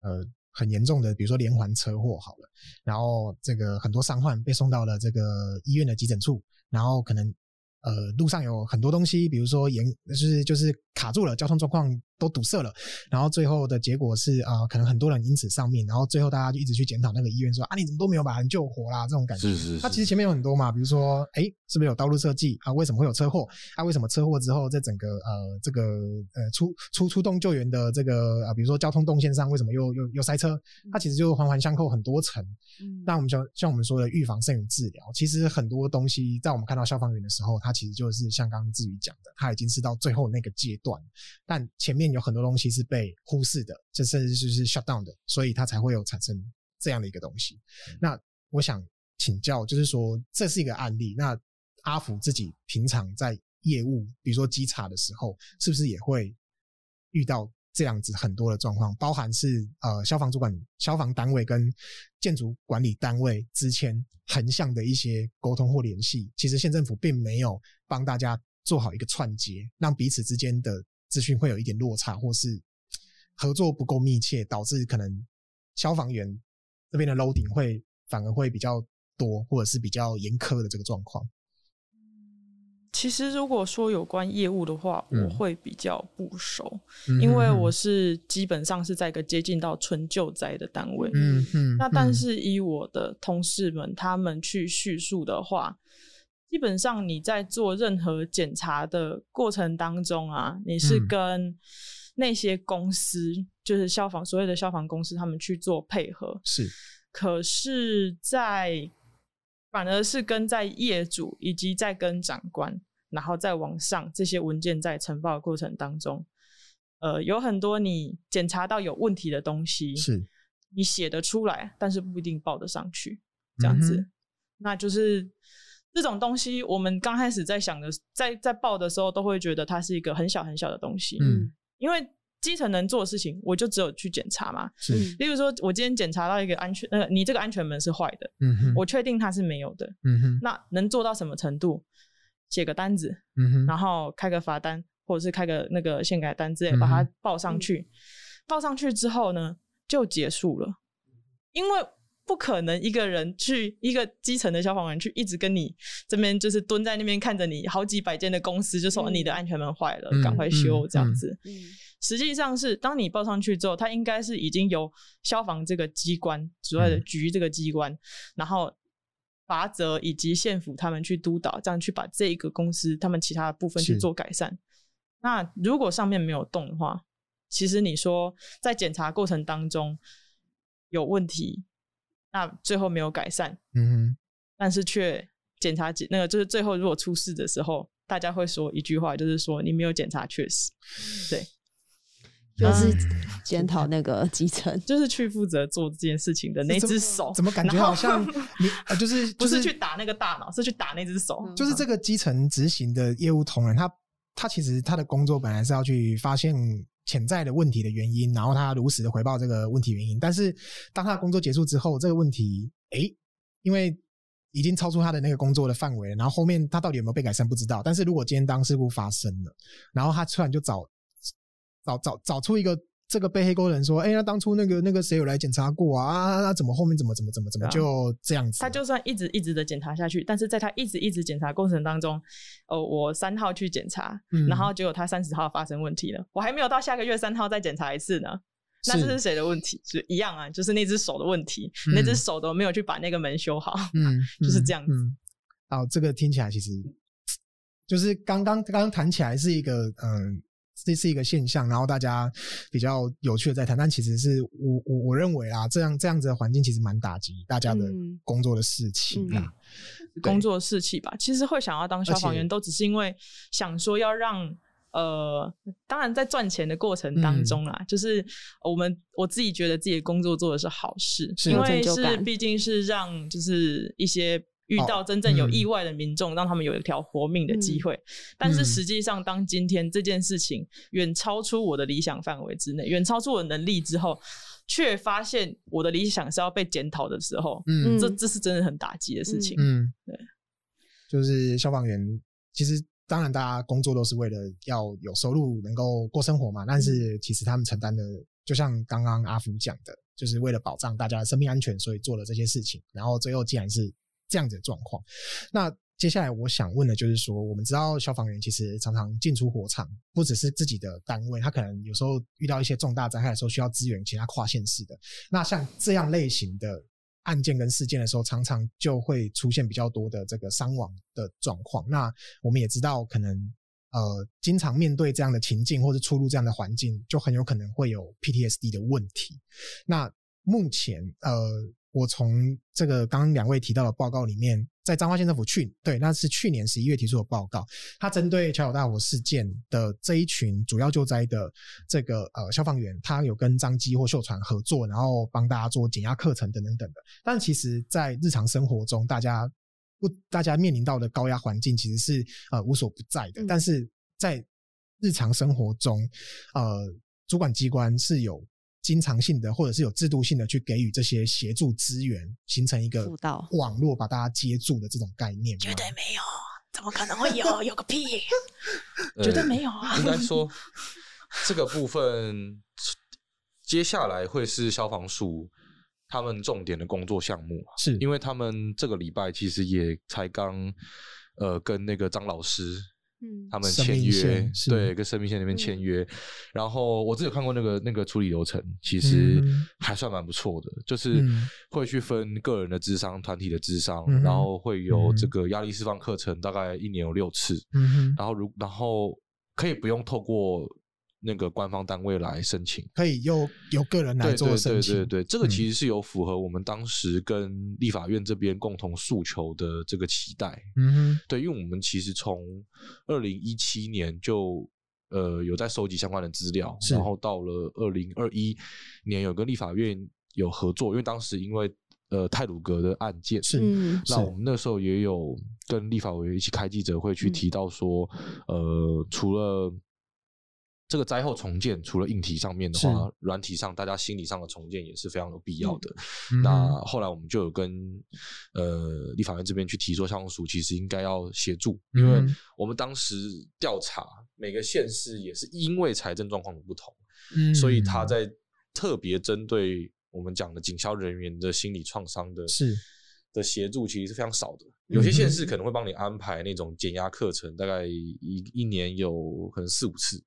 呃很嚴重的，比如說連環車禍好了，然後這個很多傷患被送到了這個醫院的急診處，然後可能呃路上有很多東西，比如說鹽，就是就是。卡住了，交通狀況都堵塞了，然後最後的結果是啊、呃，可能很多人因此喪命，然後最後大家就一直去檢討那個醫院說，說啊你怎麼都沒有把人救活啦、啊？這種感覺。是是是。它其實前面有很多嘛，比如說哎是不是有道路設計啊？為什麼會有車禍？啊為什麼車禍之後在整個呃這個呃出出出動救援的這個呃比如說交通動線上為什麼又又又塞車？它其實就環環相扣很多層。那、嗯、我們像像我們說的預防勝於治療，其實很多東西在我們看到消防員的時候，他其實就是像剛剛智宇講的，他已經是到最後那個階段。但前面有很多東西是被忽視的，這甚至就是 shut down 的，所以它才會有產生這樣的一個東西。嗯。那我想請教，就是說這是一個案例，那阿福自己平常在業務，比如說稽查的時候，是不是也會遇到這樣子很多的狀況，包含是呃消防主管、消防單位跟建築管理單位之間橫向的一些溝通或聯繫？其實縣政府並沒有幫大家做好一個串接，讓彼此之間的資訊會有一點落差，或是合作不夠密切，導致可能消防員這邊的 loading 會反而會比較多，或者是比較嚴苛的這個狀況。其實，如果說有關業務的話，嗯、我會比較不熟，嗯、哼哼，因為我是基本上是在一個接近到純救災的單位。嗯嗯哼，那但是以我的同事們、嗯、他們去敘述的話。基本上你在做任何檢查的過程當中啊，你是跟那些公司，嗯、就是消防所有的消防公司，他們去做配合。是。可是在，在反而是跟在業主以及在跟長官，然後再往上這些文件在呈報的過程當中，呃，有很多你檢查到有問題的東西，是，你寫得出來，但是不一定報得上去，這樣子，嗯、哼那就是。這種東西，我們剛開始在想的，在在報的時候，都會覺得它是一個很小很小的東西。嗯，因為基層能做的事情，我就只有去檢查嘛是。例如說，我今天檢查到一個安全，呃，你這個安全門是壞的。嗯哼，我確定它是沒有的。嗯哼，那能做到什麼程度？寫個單子，嗯哼，然後開個罰單，或者是開個那個限改單之類，把它報上去。嗯，報上去之後呢，就結束了，因為。不可能一個人去一個基層的消防員去一直跟你這邊就是蹲在那邊看着你好幾百間的公司就說你的安全門壞了趕、嗯、快修這樣子，嗯嗯、實際上是當你報上去之後，他應該是已經由消防這個機關主要的局這個機關，嗯、然後罰則以及縣府他們去督導，這樣去把這一個公司他們其他的部分去做改善。是那如果上面沒有動的話，其實你說在檢查過程當中有問題。那最後沒有改善，嗯哼，但是卻檢查那個，就是最後如果出事的時候，大家會說一句話，就是說你沒有檢查確實，對，就是檢討那個基層，嗯、就是去負責做這件事情的那只手怎，怎麼感覺好像後你就是 不是去打那個大腦，是去打那只手，就是這個基層執行的業務同仁，他他其實他的工作本來是要去發現。潛在的問題的原因，然後他如實的回報這個問題原因，但是當他的工作結束之後，這個問題，誒、欸，因為已經超出他的那個工作的範圍了，然後後面他到底有沒有被改善不知道，但是如果今天當事故發生了，然後他突然就找找找找出一個。這個背黑鍋人說：“哎、欸，那當初那個那個誰有來檢查過啊，啊？那怎麼後面怎麼怎麼怎麼怎麼，怎麼就這樣子、啊？他就算一直一直的檢查下去，但是在他一直一直檢查過程當中，哦、呃，我三號去檢查，嗯、然後結果他三十號發生問題了，我還沒有到下個月三號再檢查一次呢。那這是誰的問題？是一樣啊，就是那只手的問題，嗯、那只手都沒有去把那個門修好，嗯、啊，就是這樣子。哦、嗯嗯，這個聽起來其實就是剛剛剛剛談起來是一個嗯。”這是一個現象，然後大家比較有趣的在談，但其實是我我我認為啊，這樣這樣子的環境其實蠻打擊大家的工作的士氣、嗯、對工作士氣吧。其實會想要當消防員，都只是因為想說要讓且呃，當然在賺錢的過程當中啊，嗯、就是我們我自己覺得自己的工作做的是好事，是因為是畢竟是讓就是一些。遇到真正有意外的民眾，哦嗯、讓他們有一條活命的機會。嗯、但是實際上，當今天這件事情遠超出我的理想範圍之內，遠、嗯、超出我的能力之後，卻發現我的理想是要被檢討的時候，嗯，嗯這這是真的很打擊的事情。嗯，對，就是消防員，其實當然大家工作都是為了要有收入，能夠過生活嘛。但是其實他們承擔的，就像剛剛阿福講的，就是為了保障大家的生命安全，所以做了這些事情。然後最後竟然是。這樣子的狀況，那接下來我想問的就是說，我們知道消防員其實常常進出火場，不只是自己的單位，他可能有時候遇到一些重大災害的時候需要支援其他跨縣市的。那像這樣類型的案件跟事件的時候，常常就會出現比較多的這個傷亡的狀況。那我們也知道，可能呃經常面對這樣的情境或者出入這樣的環境，就很有可能會有 PTSD 的問題。那目前呃。我從這個剛剛兩位提到的報告裡面，在彰化縣政府去對，那是去年十一月提出的報告。他針對喬友大火事件的這一群主要救災的這個呃消防員，他有跟彰基或秀傳合作，然後幫大家做減壓課程等等等的。但其實，在日常生活中，大家不大家面臨到的高壓環境其實是呃無所不在的。嗯、但是在日常生活中，呃，主管機關是有。經常性的，或者是有制度性的去給予這些協助資源，形成一個網絡，把大家接住的這種概念，輔導，絕對沒有，怎麼可能會有？有個屁， 絕對沒有啊！呃、應該說， 這個部分接下來會是消防署他們重點的工作項目，啊，是因為他們這個禮拜其實也才剛呃跟那個張老師。嗯，他們簽約，對，跟生命線那邊簽約，嗯、然後我自己有看過那個那個處理流程，其實還算蠻不錯的，嗯、就是會去分個人的諮商，團體的諮商，嗯、然後會有這個壓力釋放課程，嗯、大概一年有六次，嗯、然後如然後可以不用透過。那個官方單位來申請，可以由由個人來做申請，對，對對對對，這個其實是有符合我們當時跟立法院這邊共同訴求的這個期待，嗯哼，對，因為我們其實從二零一七年就呃有在收集相關的資料，是然後到了二零二一年有跟立法院有合作，因為當時因為呃太魯閣的案件是，那我們那時候也有跟立法委員一起開記者會去提到說，嗯、呃，除了。這個災後重建除了硬體上面的話，軟體上大家心理上的重建也是非常有必要的。那後來我們就有跟呃立法院這邊去提出上訴，其實應該要協助，因為我們當時調查每個縣市也是因為財政狀況的不同，所以他在特別針對我們講的警消人員的心理創傷的，是的協助其實是非常少的。有些縣市可能會幫你安排那種減壓課程，大概一一年有可能四五次，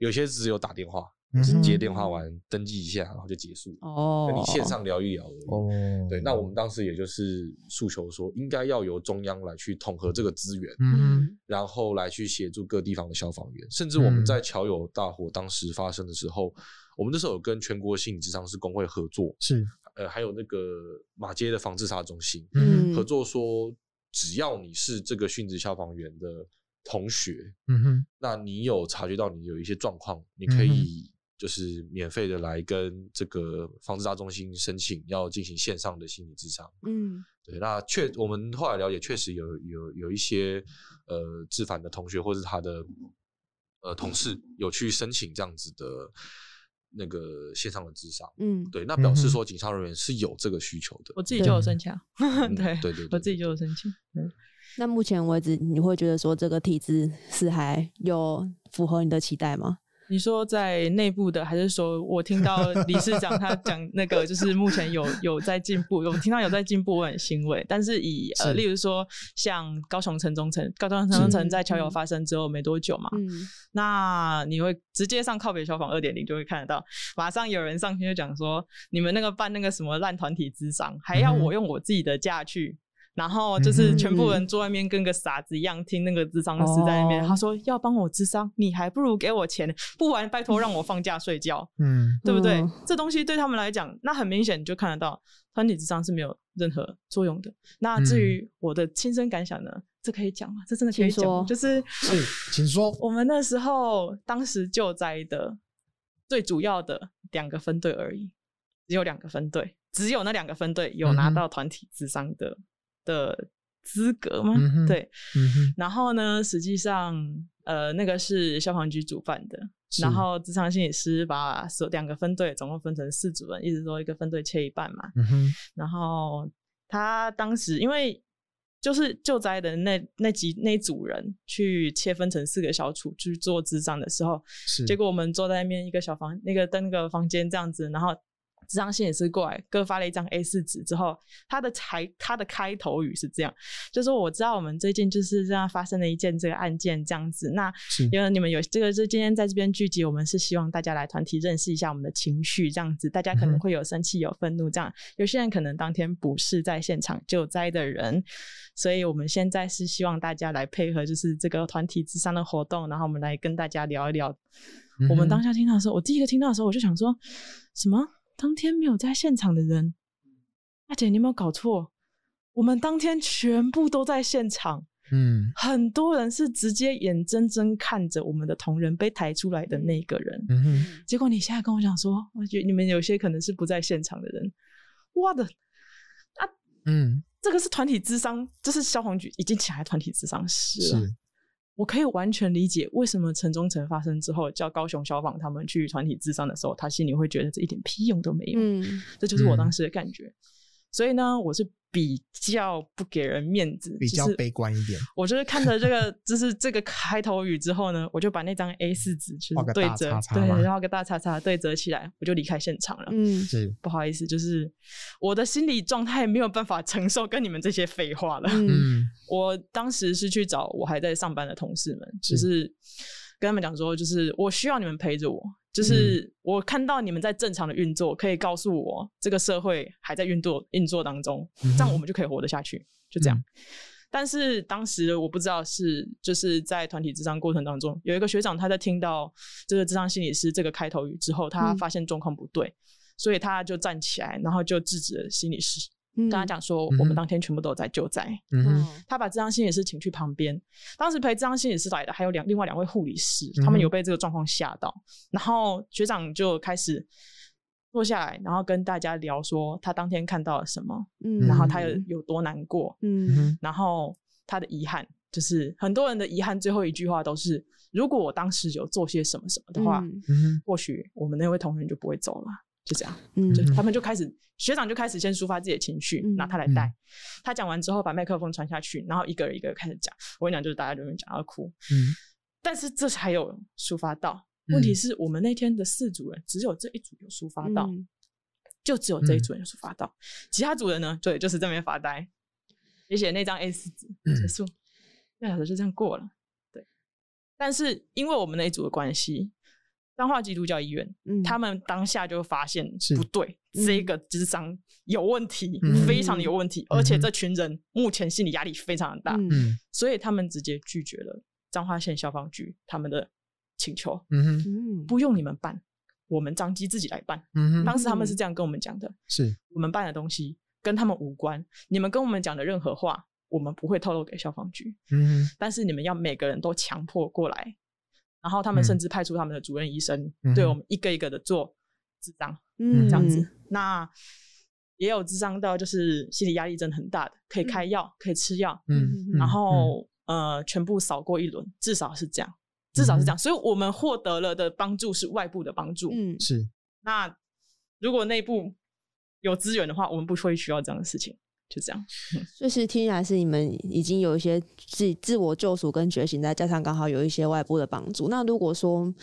有些只有打電話，直接電話完登記一下，嗯、哼然後就結束。哦，跟你線上聊一聊而已。哦，對，那我們當時也就是訴求說，應該要由中央來去統合這個資源，嗯、哼然後來去協助各地方的消防員。嗯、哼甚至我們在喬友大火當時發生的時候，嗯、哼我們那時候有跟全國心理諮商師公會合作，是，呃，還有那個馬街的防治殺中心、嗯、哼合作，說只要你是這個殉職消防員的。同學，嗯哼，那你有察覺到你有一些狀況，嗯、哼你可以就是免費的來跟這個防治大中心申請要進行線上的心理諮商，嗯，對。那確，我們後來了解，確實有有有一些呃志帆的同學或者他的呃同事有去申請這樣子的，那個線上的諮商，嗯，對。那表示說，警察人員是有這個需求的。嗯、哼我自己就有申請，對對對，我自己就有申請，嗯。那目前為止，你會覺得說這個體制是還有符合你的期待嗎？你說在內部的，還是說我聽到理事長他講那個，就是目前有有在進步，有 聽到有在進步，我很欣慰。但是以是呃，例如說像高雄城中城、高雄城中城在喬友發生之後沒多久嘛，嗯、那你會直接上靠北消防二點零就會看得到，馬上有人上去就講說，你們那個辦那個什麼爛團體諮商，還要我用我自己的價去。嗯然後就是全部人坐外面，跟個傻子一樣聽那個諮商的事，在那邊。嗯嗯嗯嗯，他說要幫我諮商，你還不如給我錢，不玩拜託，讓我放假睡覺，嗯，對不對？嗯、這東西對他們來講，那很明顯你就看得到團體諮商是沒有任何作用的。那至於我的親身感想呢，這可以講嗎？這真的可以講，就是是，請說。我們那時候當時救災的最主要的兩個分隊而已，只有兩個分隊，只有那兩個分隊有拿到團體諮商的。嗯嗯的資格嗎？嗯、哼對，嗯、哼然後呢，實際上，呃，那個是消防局主辦的，是然後職場心理師把所兩個分隊總共分成四組人，一直說一個分隊切一半嘛。嗯、哼然後他當時因為就是救災的那那幾那組人去切分成四個小組去做執照的時候，是結果我們坐在那邊一個小房那個登那個房間這樣子，然後。這張信也是過來，各發了一張 A4 紙之後，他的開他的開頭語是這樣，就說我知道我們最近就是這樣發生了一件這個案件這樣子。那因為你們有是這個是今天在這邊聚集，我們是希望大家來團體認識一下我們的情緒這樣子。大家可能會有生氣、有憤怒這樣。嗯、哼有些人可能當天不是在現場救災的人，所以我們現在是希望大家來配合，就是這個團體諮商的活動，然後我們來跟大家聊一聊。嗯、哼我們當下聽到的時候，我第一個聽到的時候，我就想說什麼？當天沒有在現場的人，大、啊、姐，你有沒有搞錯？我們當天全部都在現場，嗯，很多人是直接眼睜睜看着我們的同仁被抬出來的那個人，嗯、哼結果你現在跟我講說，我覺得你們有些可能是不在現場的人，哇的，啊，嗯，這個是團體諮商，這是消防局已經起來團體諮商師了。是我可以完全理解為什麼城中城發生之後，叫高雄消防他們去團體諮商的時候，他心裡會覺得這一點屁用都沒有。嗯，這就是我當時的感覺。嗯。所以呢，我是比較不給人面子，比較悲觀一點。就我就是看着這個，就是這個開頭語之後呢， 我就把那張 A 四紙去對折，叉叉對，然後個大叉叉對折起來，我就離開現場了。嗯，不好意思，就是我的心理狀態沒有辦法承受跟你們這些廢話了。嗯，我當時是去找我還在上班的同事們，是就是。跟他們講說，就是我需要你們陪着我，就是我看到你們在正常的運作，可以告訴我這個社會還在運作運作當中，這樣我們就可以活得下去，就這樣。嗯、但是當時我不知道是就是在團體諮商過程當中，有一個學長他在聽到這個“諮商心理師”這個開頭語之後，他發現狀況不對，嗯、所以他就站起來，然後就制止了心理師。跟他講說，嗯、哼我們當天全部都在救災。嗯哼，他把張心理師請去旁邊。當時陪張心理師來的還有兩另外兩位護理師，嗯、哼他們有被這個狀況嚇到。然後學長就開始坐下來，然後跟大家聊說他當天看到了什麼，嗯哼，然後他有有多難過，嗯哼，然後他的遺憾就是很多人的遺憾，最後一句話都是如果我當時有做些什麼什麼的話，嗯哼，或許我們那位同仁就不會走了。就這樣，嗯，他們就開始，嗯、學長就開始先抒發自己的情緒，嗯、拿他來帶。嗯嗯、他講完之後，把麥克風傳下去，然後一個人一,一個開始講。我跟你講，就是大家這邊講到哭，嗯，但是這才有抒發到。問題是我們那天的四組人，只有這一組有抒發到，嗯、就只有這一組人有抒發到，嗯、其他組人呢，對，就是這邊發呆，你寫那張 A 四紙，結束。那小時就這樣過了，對。但是因為我們那一組的關係。彰化基督教醫院，他們當下就發現不對，這個諮商有問題，非常的有問題，而且這群人目前心理壓力非常大，所以他們直接拒絕了彰化縣消防局他們的請求，不用你們辦，我們彰基自己來辦。當時他們是這樣跟我們講的：是我們辦的東西跟他們無關，你們跟我們講的任何話，我們不會透露給消防局。但是你們要每個人都強迫過來。然後他們甚至派出他們的主任醫生，對我們一個一個的做診療，嗯，這樣子。嗯、那也有診療到就是心理壓力真的很大的，可以開藥，嗯、可以吃藥。嗯，然後、嗯、呃，全部掃過一輪，至少是這樣，至少是這樣。嗯、所以我們獲得了的幫助是外部的幫助，嗯，是。那如果內部有資源的話，我們不會需要這樣的事情。就這樣，嗯、就是聽起來是你們已經有一些自自我救贖跟覺醒，再加上剛好有一些外部的幫助。那如果說，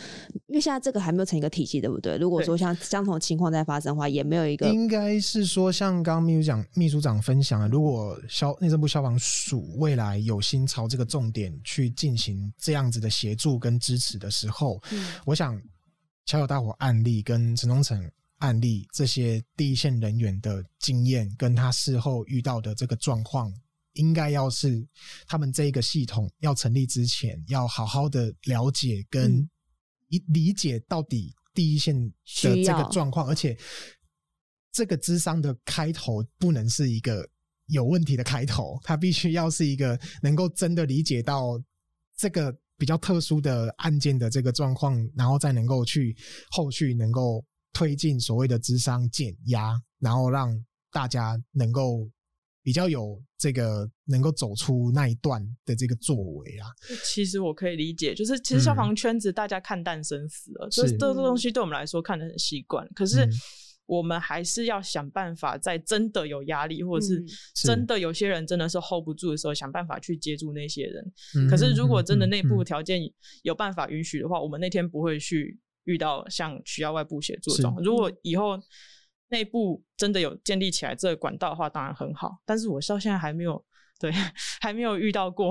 因為現在這個還沒有成一個體系，對不對？如果說像對相同情況在發生的話，也沒有一個，應該是說像剛剛秘書長秘書長分享的，如果消內政部消防署未來有心朝這個重點去進行這樣子的協助跟支持的時候，嗯、我想，喬友大火案例跟陳東成。案例這些第一線人員的經驗，跟他事後遇到的這個狀況，應該要是他們這個系統要成立之前，要好好的了解跟理理解到底第一線的這個狀況，要而且這個諮商的開頭不能是一個有問題的開頭，他必須要是一個能夠真的理解到這個比較特殊的案件的這個狀況，然後再能夠去後續能夠。推進所謂的諮商減壓，然後讓大家能夠比較有這個能夠走出那一段的這個作為啊。其實我可以理解，就是其實消防圈子大家看淡生死了，嗯、就是這個東西對我們來說看得很習慣。可是我們還是要想辦法，在真的有壓力，或者是真的有些人真的是 hold 不住的時候，想辦法去接住那些人。嗯、可是如果真的內部條件有辦法允許的話，嗯嗯嗯嗯、我們那天不會去。遇到像需要外部協作中，是如果以後內部真的有建立起來這個管道的話，當然很好。但是我到現在還沒有對，還沒有遇到過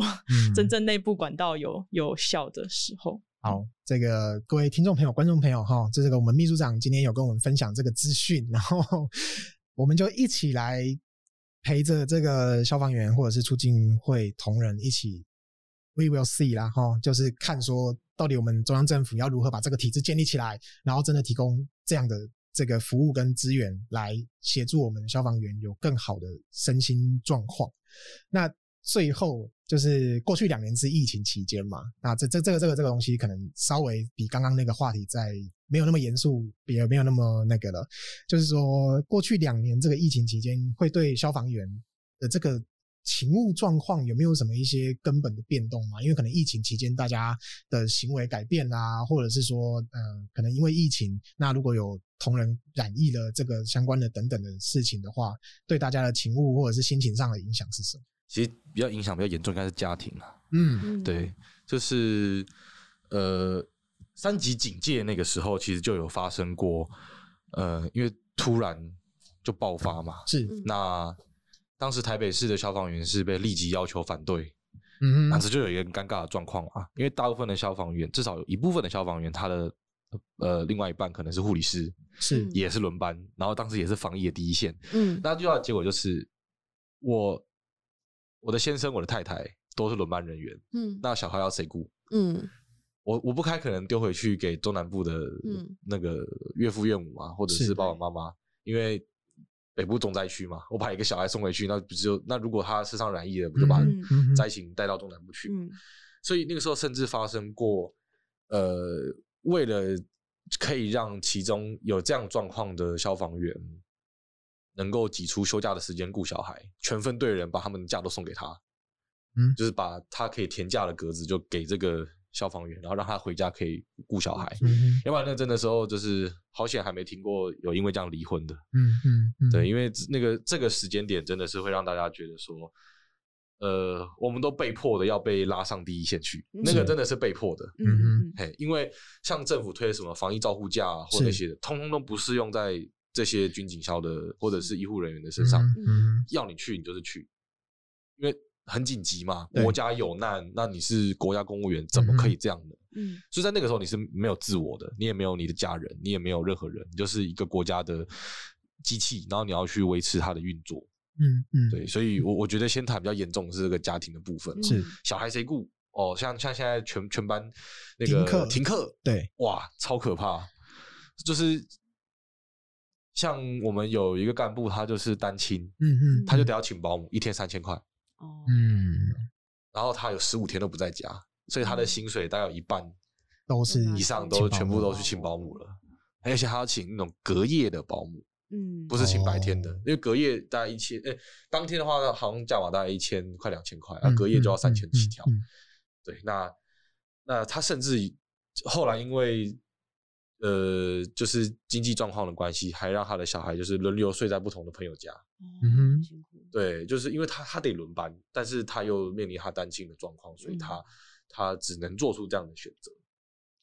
真正內部管道有有效的時候。嗯、好，這個各位聽眾朋友、觀眾朋友哈，這個我們秘書長今天有跟我們分享這個資訊，然後我們就一起來陪着這個消防員或者是促進會同仁一起。We will see 啦，吼，就是看說到底我們中央政府要如何把這個體制建立起來，然後真的提供這樣的這個服務跟資源來協助我們消防員有更好的身心狀況。那最後就是過去兩年是疫情期間嘛，那這這個、這個這個這個東西可能稍微比剛剛那個話題在沒有那麼嚴肅，比也沒有那麼那個了，就是說過去兩年這個疫情期間會對消防員的這個。勤務狀況有沒有什麼一些根本的變動嘛？因為可能疫情期間大家的行為改變啦、啊，或者是說，嗯、呃，可能因為疫情，那如果有同仁染疫了這個相關的等等的事情的話，對大家的勤務或者是心情上的影響是什麼？其實比較影響比較嚴重，應該是家庭、啊、嗯，對，就是呃，三級警戒那個時候其實就有發生過，呃，因為突然就爆發嘛，嗯、是那。當時台北市的消防員是被立即要求反對，嗯哼，當時就有一個尷尬的狀況啊。因為大部分的消防員，至少有一部分的消防員，他的呃，另外一半可能是護理師，是也是輪班，然後當時也是防疫的第一線，嗯，那最後的結果就是我我的先生、我的太太都是輪班人員，嗯，那小孩要誰顧？嗯，我我不開，可能丟回去給中南部的，那個岳父岳母啊，嗯、或者是爸爸媽媽，對因為。北部重災區嘛，我把一個小孩送回去，那不就，那如果他身上染疫了，不就把災情帶到中南部去？所以那個時候甚至發生過，呃，為了可以讓其中有這樣狀況的消防員能夠擠出休假的時間顧小孩，全分隊人把他們的假都送給他，嗯，就是把他可以填假的格子就給這個。消防員，然後讓他回家可以顧小孩，嗯、哼要不然那真的時候就是好險，還沒聽過有因為這樣離婚的。嗯嗯，對，因為那個這個時間點真的是會讓大家覺得說，呃，我們都被迫的要被拉上第一線去，是那個真的是被迫的。嗯嗯哼，因為像政府推什麼防疫照護假啊，或那些的，是通通都不適用在這些軍警消的或者是醫護人員的身上。嗯、哼要你去你就是去，因為。很緊急嘛，國家有難，對那你是國家公務員，怎麼可以這樣呢？嗯，嗯，所以在那個時候你是沒有自我的，你也沒有你的家人，你也沒有任何人，你就是一個國家的機器，然後你要去維持它的運作。嗯嗯，對，所以我我覺得先談比較嚴重的是這個家庭的部分，是小孩誰顧？哦，像像現在全全班那個停課，停課，對，哇，超可怕！就是像我們有一個幹部，他就是單親，嗯，嗯嗯，他就得要請保姆，一天三千塊。哦，oh, 嗯，然後他有十五天都不在家，所以他的薪水大概有一半都、嗯、都是以上，都全部都去請保姆了，而且他要請那種隔夜的保姆，嗯，不是請白天的，哦、因為隔夜大概一千，誒、欸，當天的話好像價碼大概一千塊兩千塊，嗯啊、隔夜就要三千起跳、嗯嗯嗯嗯、對，那那他甚至後來因為、嗯、呃，就是經濟狀況的關係，還讓他的小孩就是輪流睡在不同的朋友家。嗯。對，就是因為他他得輪班，但是他又面臨他單親的狀況，所以他、嗯、他只能做出這樣的選擇。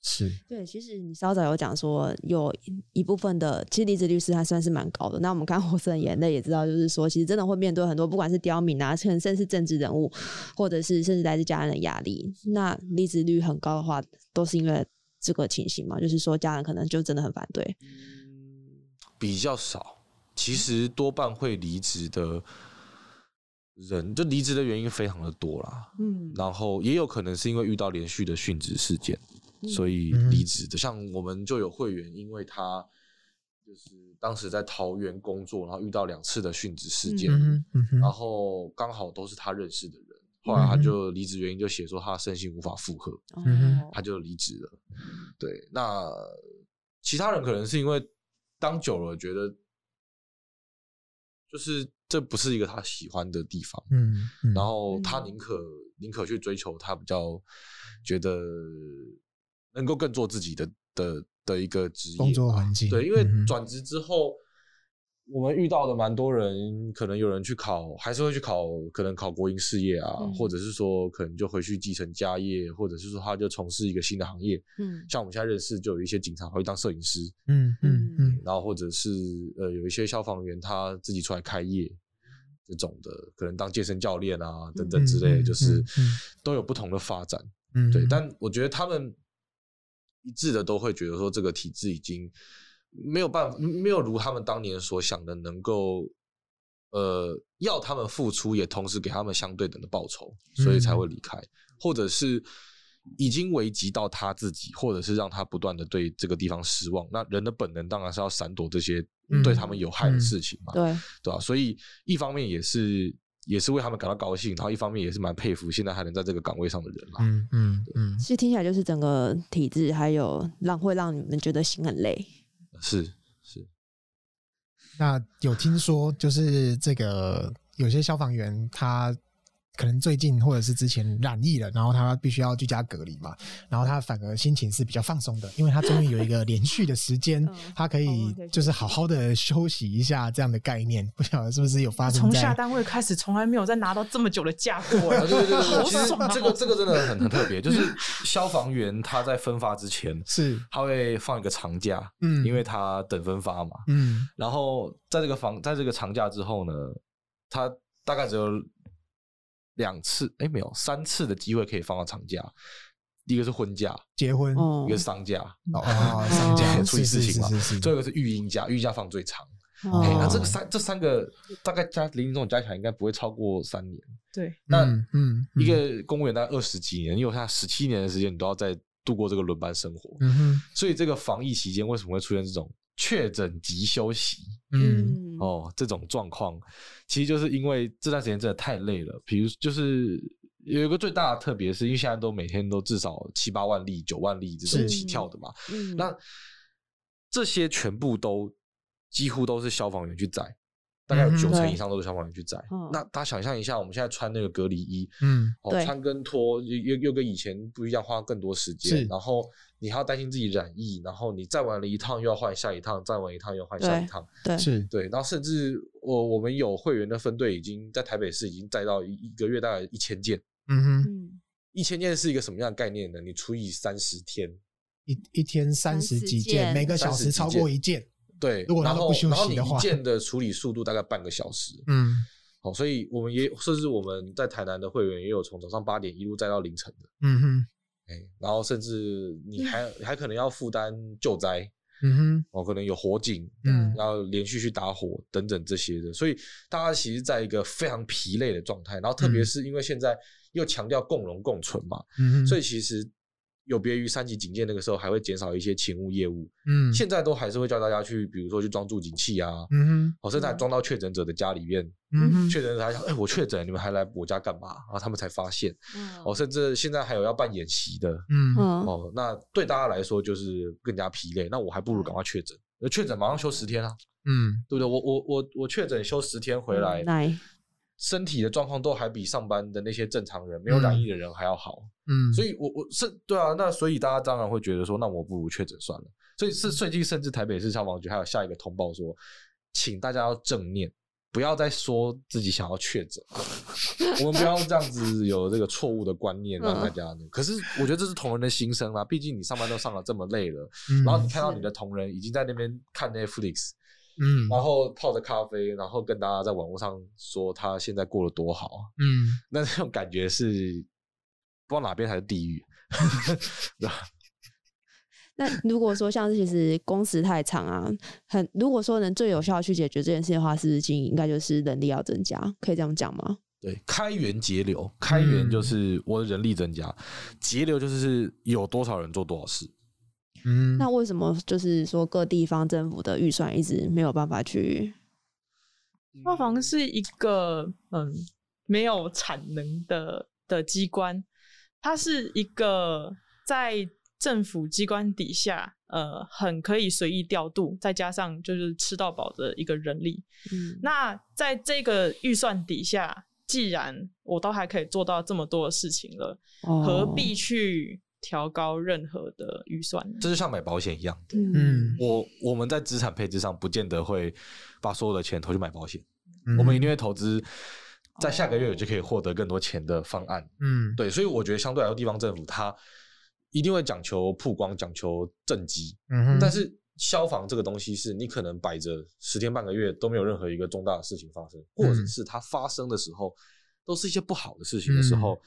是對，其實你稍早有講說，有一部分的其實離職率是還算是蠻高的。那我們看火神的眼淚也知道，就是說其實真的會面對很多，不管是刁民啊，甚甚至是政治人物，或者是甚至來自家人的壓力。那離職率很高的話，都是因為這個情形嘛，就是說家人可能就真的很反對。比較少，其實多半會離職的。人就離職的原因非常的多啦，嗯，然後也有可能是因為遇到連續的殉職事件，所以離職的。像我們就有會員，因為他就是當時在桃園工作，然後遇到兩次的殉職事件，嗯嗯、然後剛好都是他認識的人，後來他就離職原因就寫說他的身心無法負荷，嗯、哼他就離職了。對，那其他人可能是因為當久了覺得。就是這不是一個他喜歡的地方，嗯，嗯，然後他寧可、嗯、寧可去追求他比較覺得能夠更做自己的的的一個職業、工作環境，對，因為轉職之後。嗯我們遇到的蠻多人，可能有人去考，還是會去考，可能考國營事業啊，嗯、或者是說可能就回去繼承家業，或者是說他就從事一個新的行業。嗯，像我們現在認識，就有一些警察會當攝影師。嗯嗯嗯。然後或者是呃，有一些消防員他自己出來開業，這種的可能當健身教練啊等等之類的，就是、嗯嗯嗯、都有不同的發展。嗯，對，但我覺得他們一致的都會覺得說這個體制已經。沒有辦法，沒有如他們當年所想的，能夠，呃，要他們付出，也同時給他們相對等的報酬，所以才會離開，嗯、或者是已經危及到他自己，或者是讓他不斷的對這個地方失望。那人的本能當然是要閃躲這些對他們有害的事情嘛，嗯嗯、對對、啊、吧？所以一方面也是也是為他們感到高興，然後一方面也是蠻佩服現在還能在這個崗位上的人嘛。嗯嗯嗯，其、嗯、實、嗯、對、聽起來就是整個體制還有讓會讓你們覺得心很累。是是，是那有聽說，就是這個有些消防員他，可能最近或者是之前染疫了，然後他必須要居家隔離嘛，然後他反而心情是比較放鬆的，因為他終於有一個連續的時間， 嗯、他可以就是好好的休息一下這樣的概念。嗯、不曉得是不是有發生？從下單位開始，從來沒有再拿到這麼久的假格了。對，好爽。其實這個這個真的很很特別，就是消防員他在分發之前是他會放一個長假，嗯，因為他等分發嘛，嗯，然後在這個房在這個長假之後呢，他大概只有。兩次哎，沒有三次的機會可以放到長假。第一個是婚假，結婚；一個喪假，啊，喪假處理事情嘛。最後一個是育嬰假，育嬰假放最長。那這個三這三個大概加零零總加起來，應該不會超過三年。對，那嗯，一個公務員大概二十幾年，你有他十七年的時間，你都要再度過這個輪班生活。所以這個防疫期間，為什麼會出現這種確診及休息？嗯哦，這種狀況其實就是因為這段時間真的太累了。比如，就是有一個最大的特別，是因為現在都每天都至少七八萬例、九萬例這種起跳的嘛。嗯、那這些全部都幾乎都是消防員去載，大概有九成以上都是消防員去載。嗯、對那大家想象一下，我們現在穿那個隔離衣，嗯，哦，對穿跟脫又又又跟以前不一樣，花更多時間，是然後。你還要擔心自己染疫，然後你再玩了一趟又要換下一趟，再玩一趟又要換下一趟，對，是對。是然後甚至我我們有會員的分隊已經在台北市已經載到一個月大概一千件，嗯哼，一千件是一個什麼樣的概念呢？你除以三十天，一一天三十幾件，幾件，每個小時超過一件，件對。如果他不休息的話，然後，然後你一件的處理速度大概半個小時，嗯，好，所以我們也甚至我們在台南的會員也有從早上八點一路載到凌晨的，嗯哼。哎、欸，然後甚至你還 Yeah. 還可能要負擔救災，嗯哼、mm，哦、hmm. 喔，可能有火警，mm hmm. 嗯，要連續去打火等等這些的，所以大家其實在一個非常疲累的狀態，然後特別是因為現在又強調共榮共存嘛，嗯哼、mm，hmm. 所以其實。有別於三級警戒那個時候，還會減少一些勤務業務。嗯，現在都還是會叫大家去，比如說去裝住警器啊。嗯哼，我、哦、甚至裝到確診者的家裡面嗯哼，確診者還想，哎、欸，我確診，你們還來我家幹嘛？然後他們才發現。嗯，我、哦、甚至現在還有要辦演習的。嗯嗯，哦，那對大家來說就是更加疲累。那我還不如趕快確診，確診馬上休十天啊。嗯，對不對？我我我我確診休十天回來。嗯來身體的狀況都還比上班的那些正常人，沒有染疫的人還要好，嗯，所以我我是對啊，那所以大家當然會覺得說，那我不如確診算了。所以是最近甚至台北市消防局還有下一個通報說，請大家要正念，不要再說自己想要確診， 我們不要這樣子有這個錯誤的觀念讓大家。嗯、可是我覺得這是同仁的心聲啦、啊，畢竟你上班都上了這麼累了，嗯、然後你看到你的同仁已經在那邊看 Netflix。嗯，然後泡着咖啡，然後跟大家在網絡上說他現在過得多好啊。嗯，那這種感覺是不知道哪邊才是地獄。那如果說像是其實工時太長啊，很如果說能最有效的去解決這件事的話，是，是經營應該就是人力要增加，可以這樣講嗎？對，開源節流，開源就是我的人力增加，節、嗯、流就是有多少人做多少事。嗯、那為什麼就是說各地方政府的預算一直沒有辦法去，消、嗯、防是一個嗯沒有產能的的機關，它是一個在政府機關底下，呃，很可以隨意調度，再加上就是吃到飽的一個人力。嗯、那在這個預算底下，既然我都還可以做到這麼多的事情了，哦、何必去調高任何的預算，這就像買保險一樣的。嗯，我我們在資產配置上不見得會把所有的錢投去買保險，嗯、我們一定會投資在下個月就可以獲得更多錢的方案。嗯、哦，對，所以我覺得相對來說，地方政府它一定會講求曝光，講求政績。嗯哼，但是消防這個東西是你可能擺着十天半個月都沒有任何一個重大的事情發生，或者是它發生的時候，都是一些不好的事情的時候，嗯、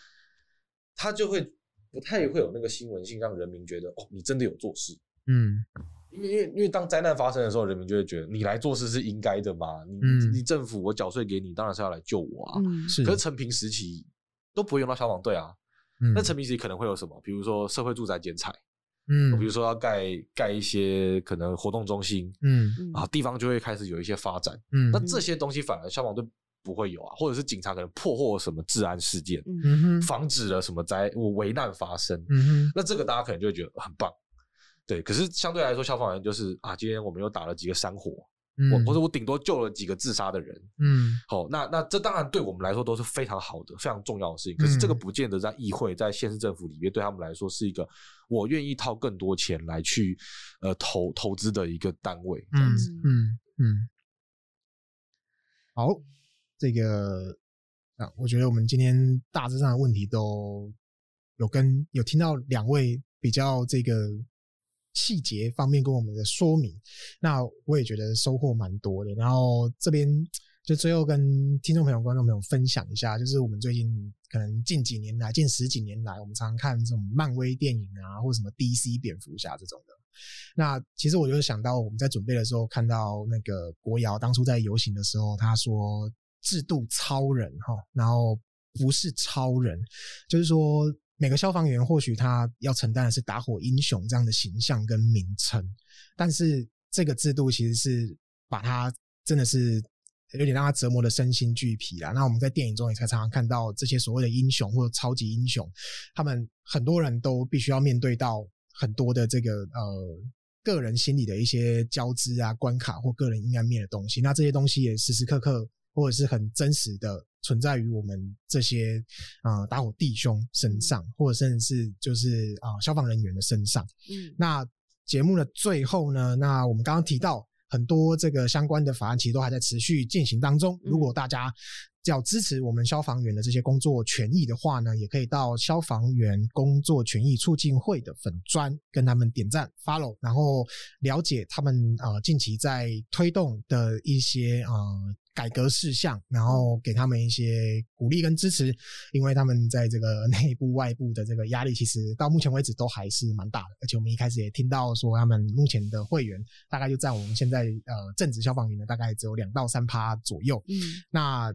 它就會。不太會有那個新聞性，讓人民覺得哦，你真的有做事。嗯因，因為因為因為當災難發生的時候，人民就會覺得你來做事是應該的嘛。你、嗯、你政府，我繳稅給你，當然是要來救我啊。嗯、是，可是承平時期都不會用到消防隊啊。嗯、那承平時期可能會有什麼？比如說社會住宅建材嗯，比如說要蓋蓋一些可能活動中心，嗯啊，地方就會開始有一些發展。嗯，那這些東西反而消防隊。不會有啊，或者是警察可能破獲了什麼治安事件，嗯、哼防止了什麼災我危難發生。嗯、哼那這個大家可能就會覺得很棒，對。可是相對來說，消防員就是啊，今天我們又打了幾個山火，嗯、我或者我頂多救了幾個自殺的人。嗯，好、哦，那那這當然對我們來說都是非常好的、非常重要的事情。可是這個不見得在議會、在縣市政府裡面，對他們來說是一個我願意掏更多錢來去呃投投資的一個單位，這樣子。嗯嗯，嗯嗯好。這個啊，我覺得我們今天大致上的問題都有跟有聽到兩位比較這個細節方面跟我們的說明，那我也覺得收穫蠻多的。然後這邊就最後跟聽眾朋友、觀眾朋友分享一下，就是我們最近可能近幾年來、近十幾年來，我們常常看這種漫威電影啊，或者什麼 DC 蝙蝠俠這種的。那其實我就想到我們在準備的時候，看到那個國瑤當初在遊行的時候，他說，制度超人哈，然後不是超人，就是說每個消防員或許他要承擔的是打火英雄這樣的形象跟名稱，但是這個制度其實是把他真的是有點讓他折磨的身心俱疲了。那我們在電影中也才常常看到這些所謂的英雄或者超級英雄，他們很多人都必須要面對到很多的這個呃個人心理的一些交織啊、關卡或個人陰暗面的東西，那這些東西也時時刻刻或者是很真實的存在於我們這些呃打火弟兄身上，或者甚至是就是啊、呃、消防人員的身上。嗯，那節目的最後呢，那我們剛剛提到很多這個相關的法案，其實都還在持續進行當中。嗯、如果大家要支持我們消防員的這些工作權益的話呢，也可以到消防員工作權益促進會的粉專跟他們點讚、follow，然後了解他們啊、呃、近期在推動的一些啊。呃改革事項，然後給他們一些鼓勵跟支持，因為他們在這個內部、外部的這個壓力，其實到目前為止都還是蠻大的。而且我們一開始也聽到說，他們目前的會員大概就在我們現在呃正職消防員的大概只有兩到三趴左右。嗯，那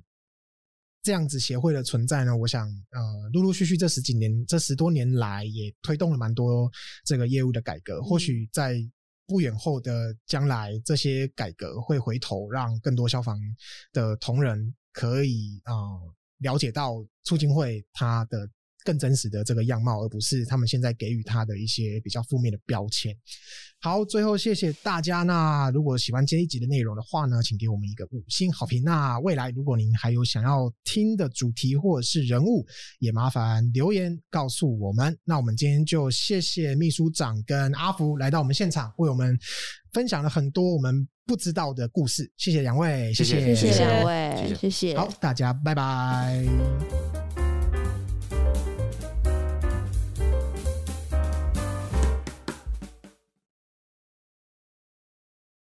這樣子協會的存在呢，我想呃，陸陸續續這十幾年、這十多年來也推動了蠻多這個業務的改革，嗯、或許在。不遠後的將來，這些改革會回頭，讓更多消防的同仁可以啊、嗯、了解到促進會它的。更真實的這個樣貌，而不是他們現在給予他的一些比較負面的標籤。好，最後謝謝大家。那如果喜歡這一集的內容的話呢，請給我們一個五星好評。那未來如果您還有想要聽的主題或者是人物，也麻煩留言告訴我們。那我們今天就謝謝秘書長跟阿福來到我們現場，為我們分享了很多我們不知道的故事。謝謝兩位，謝謝謝謝兩位，謝謝。好，大家拜拜。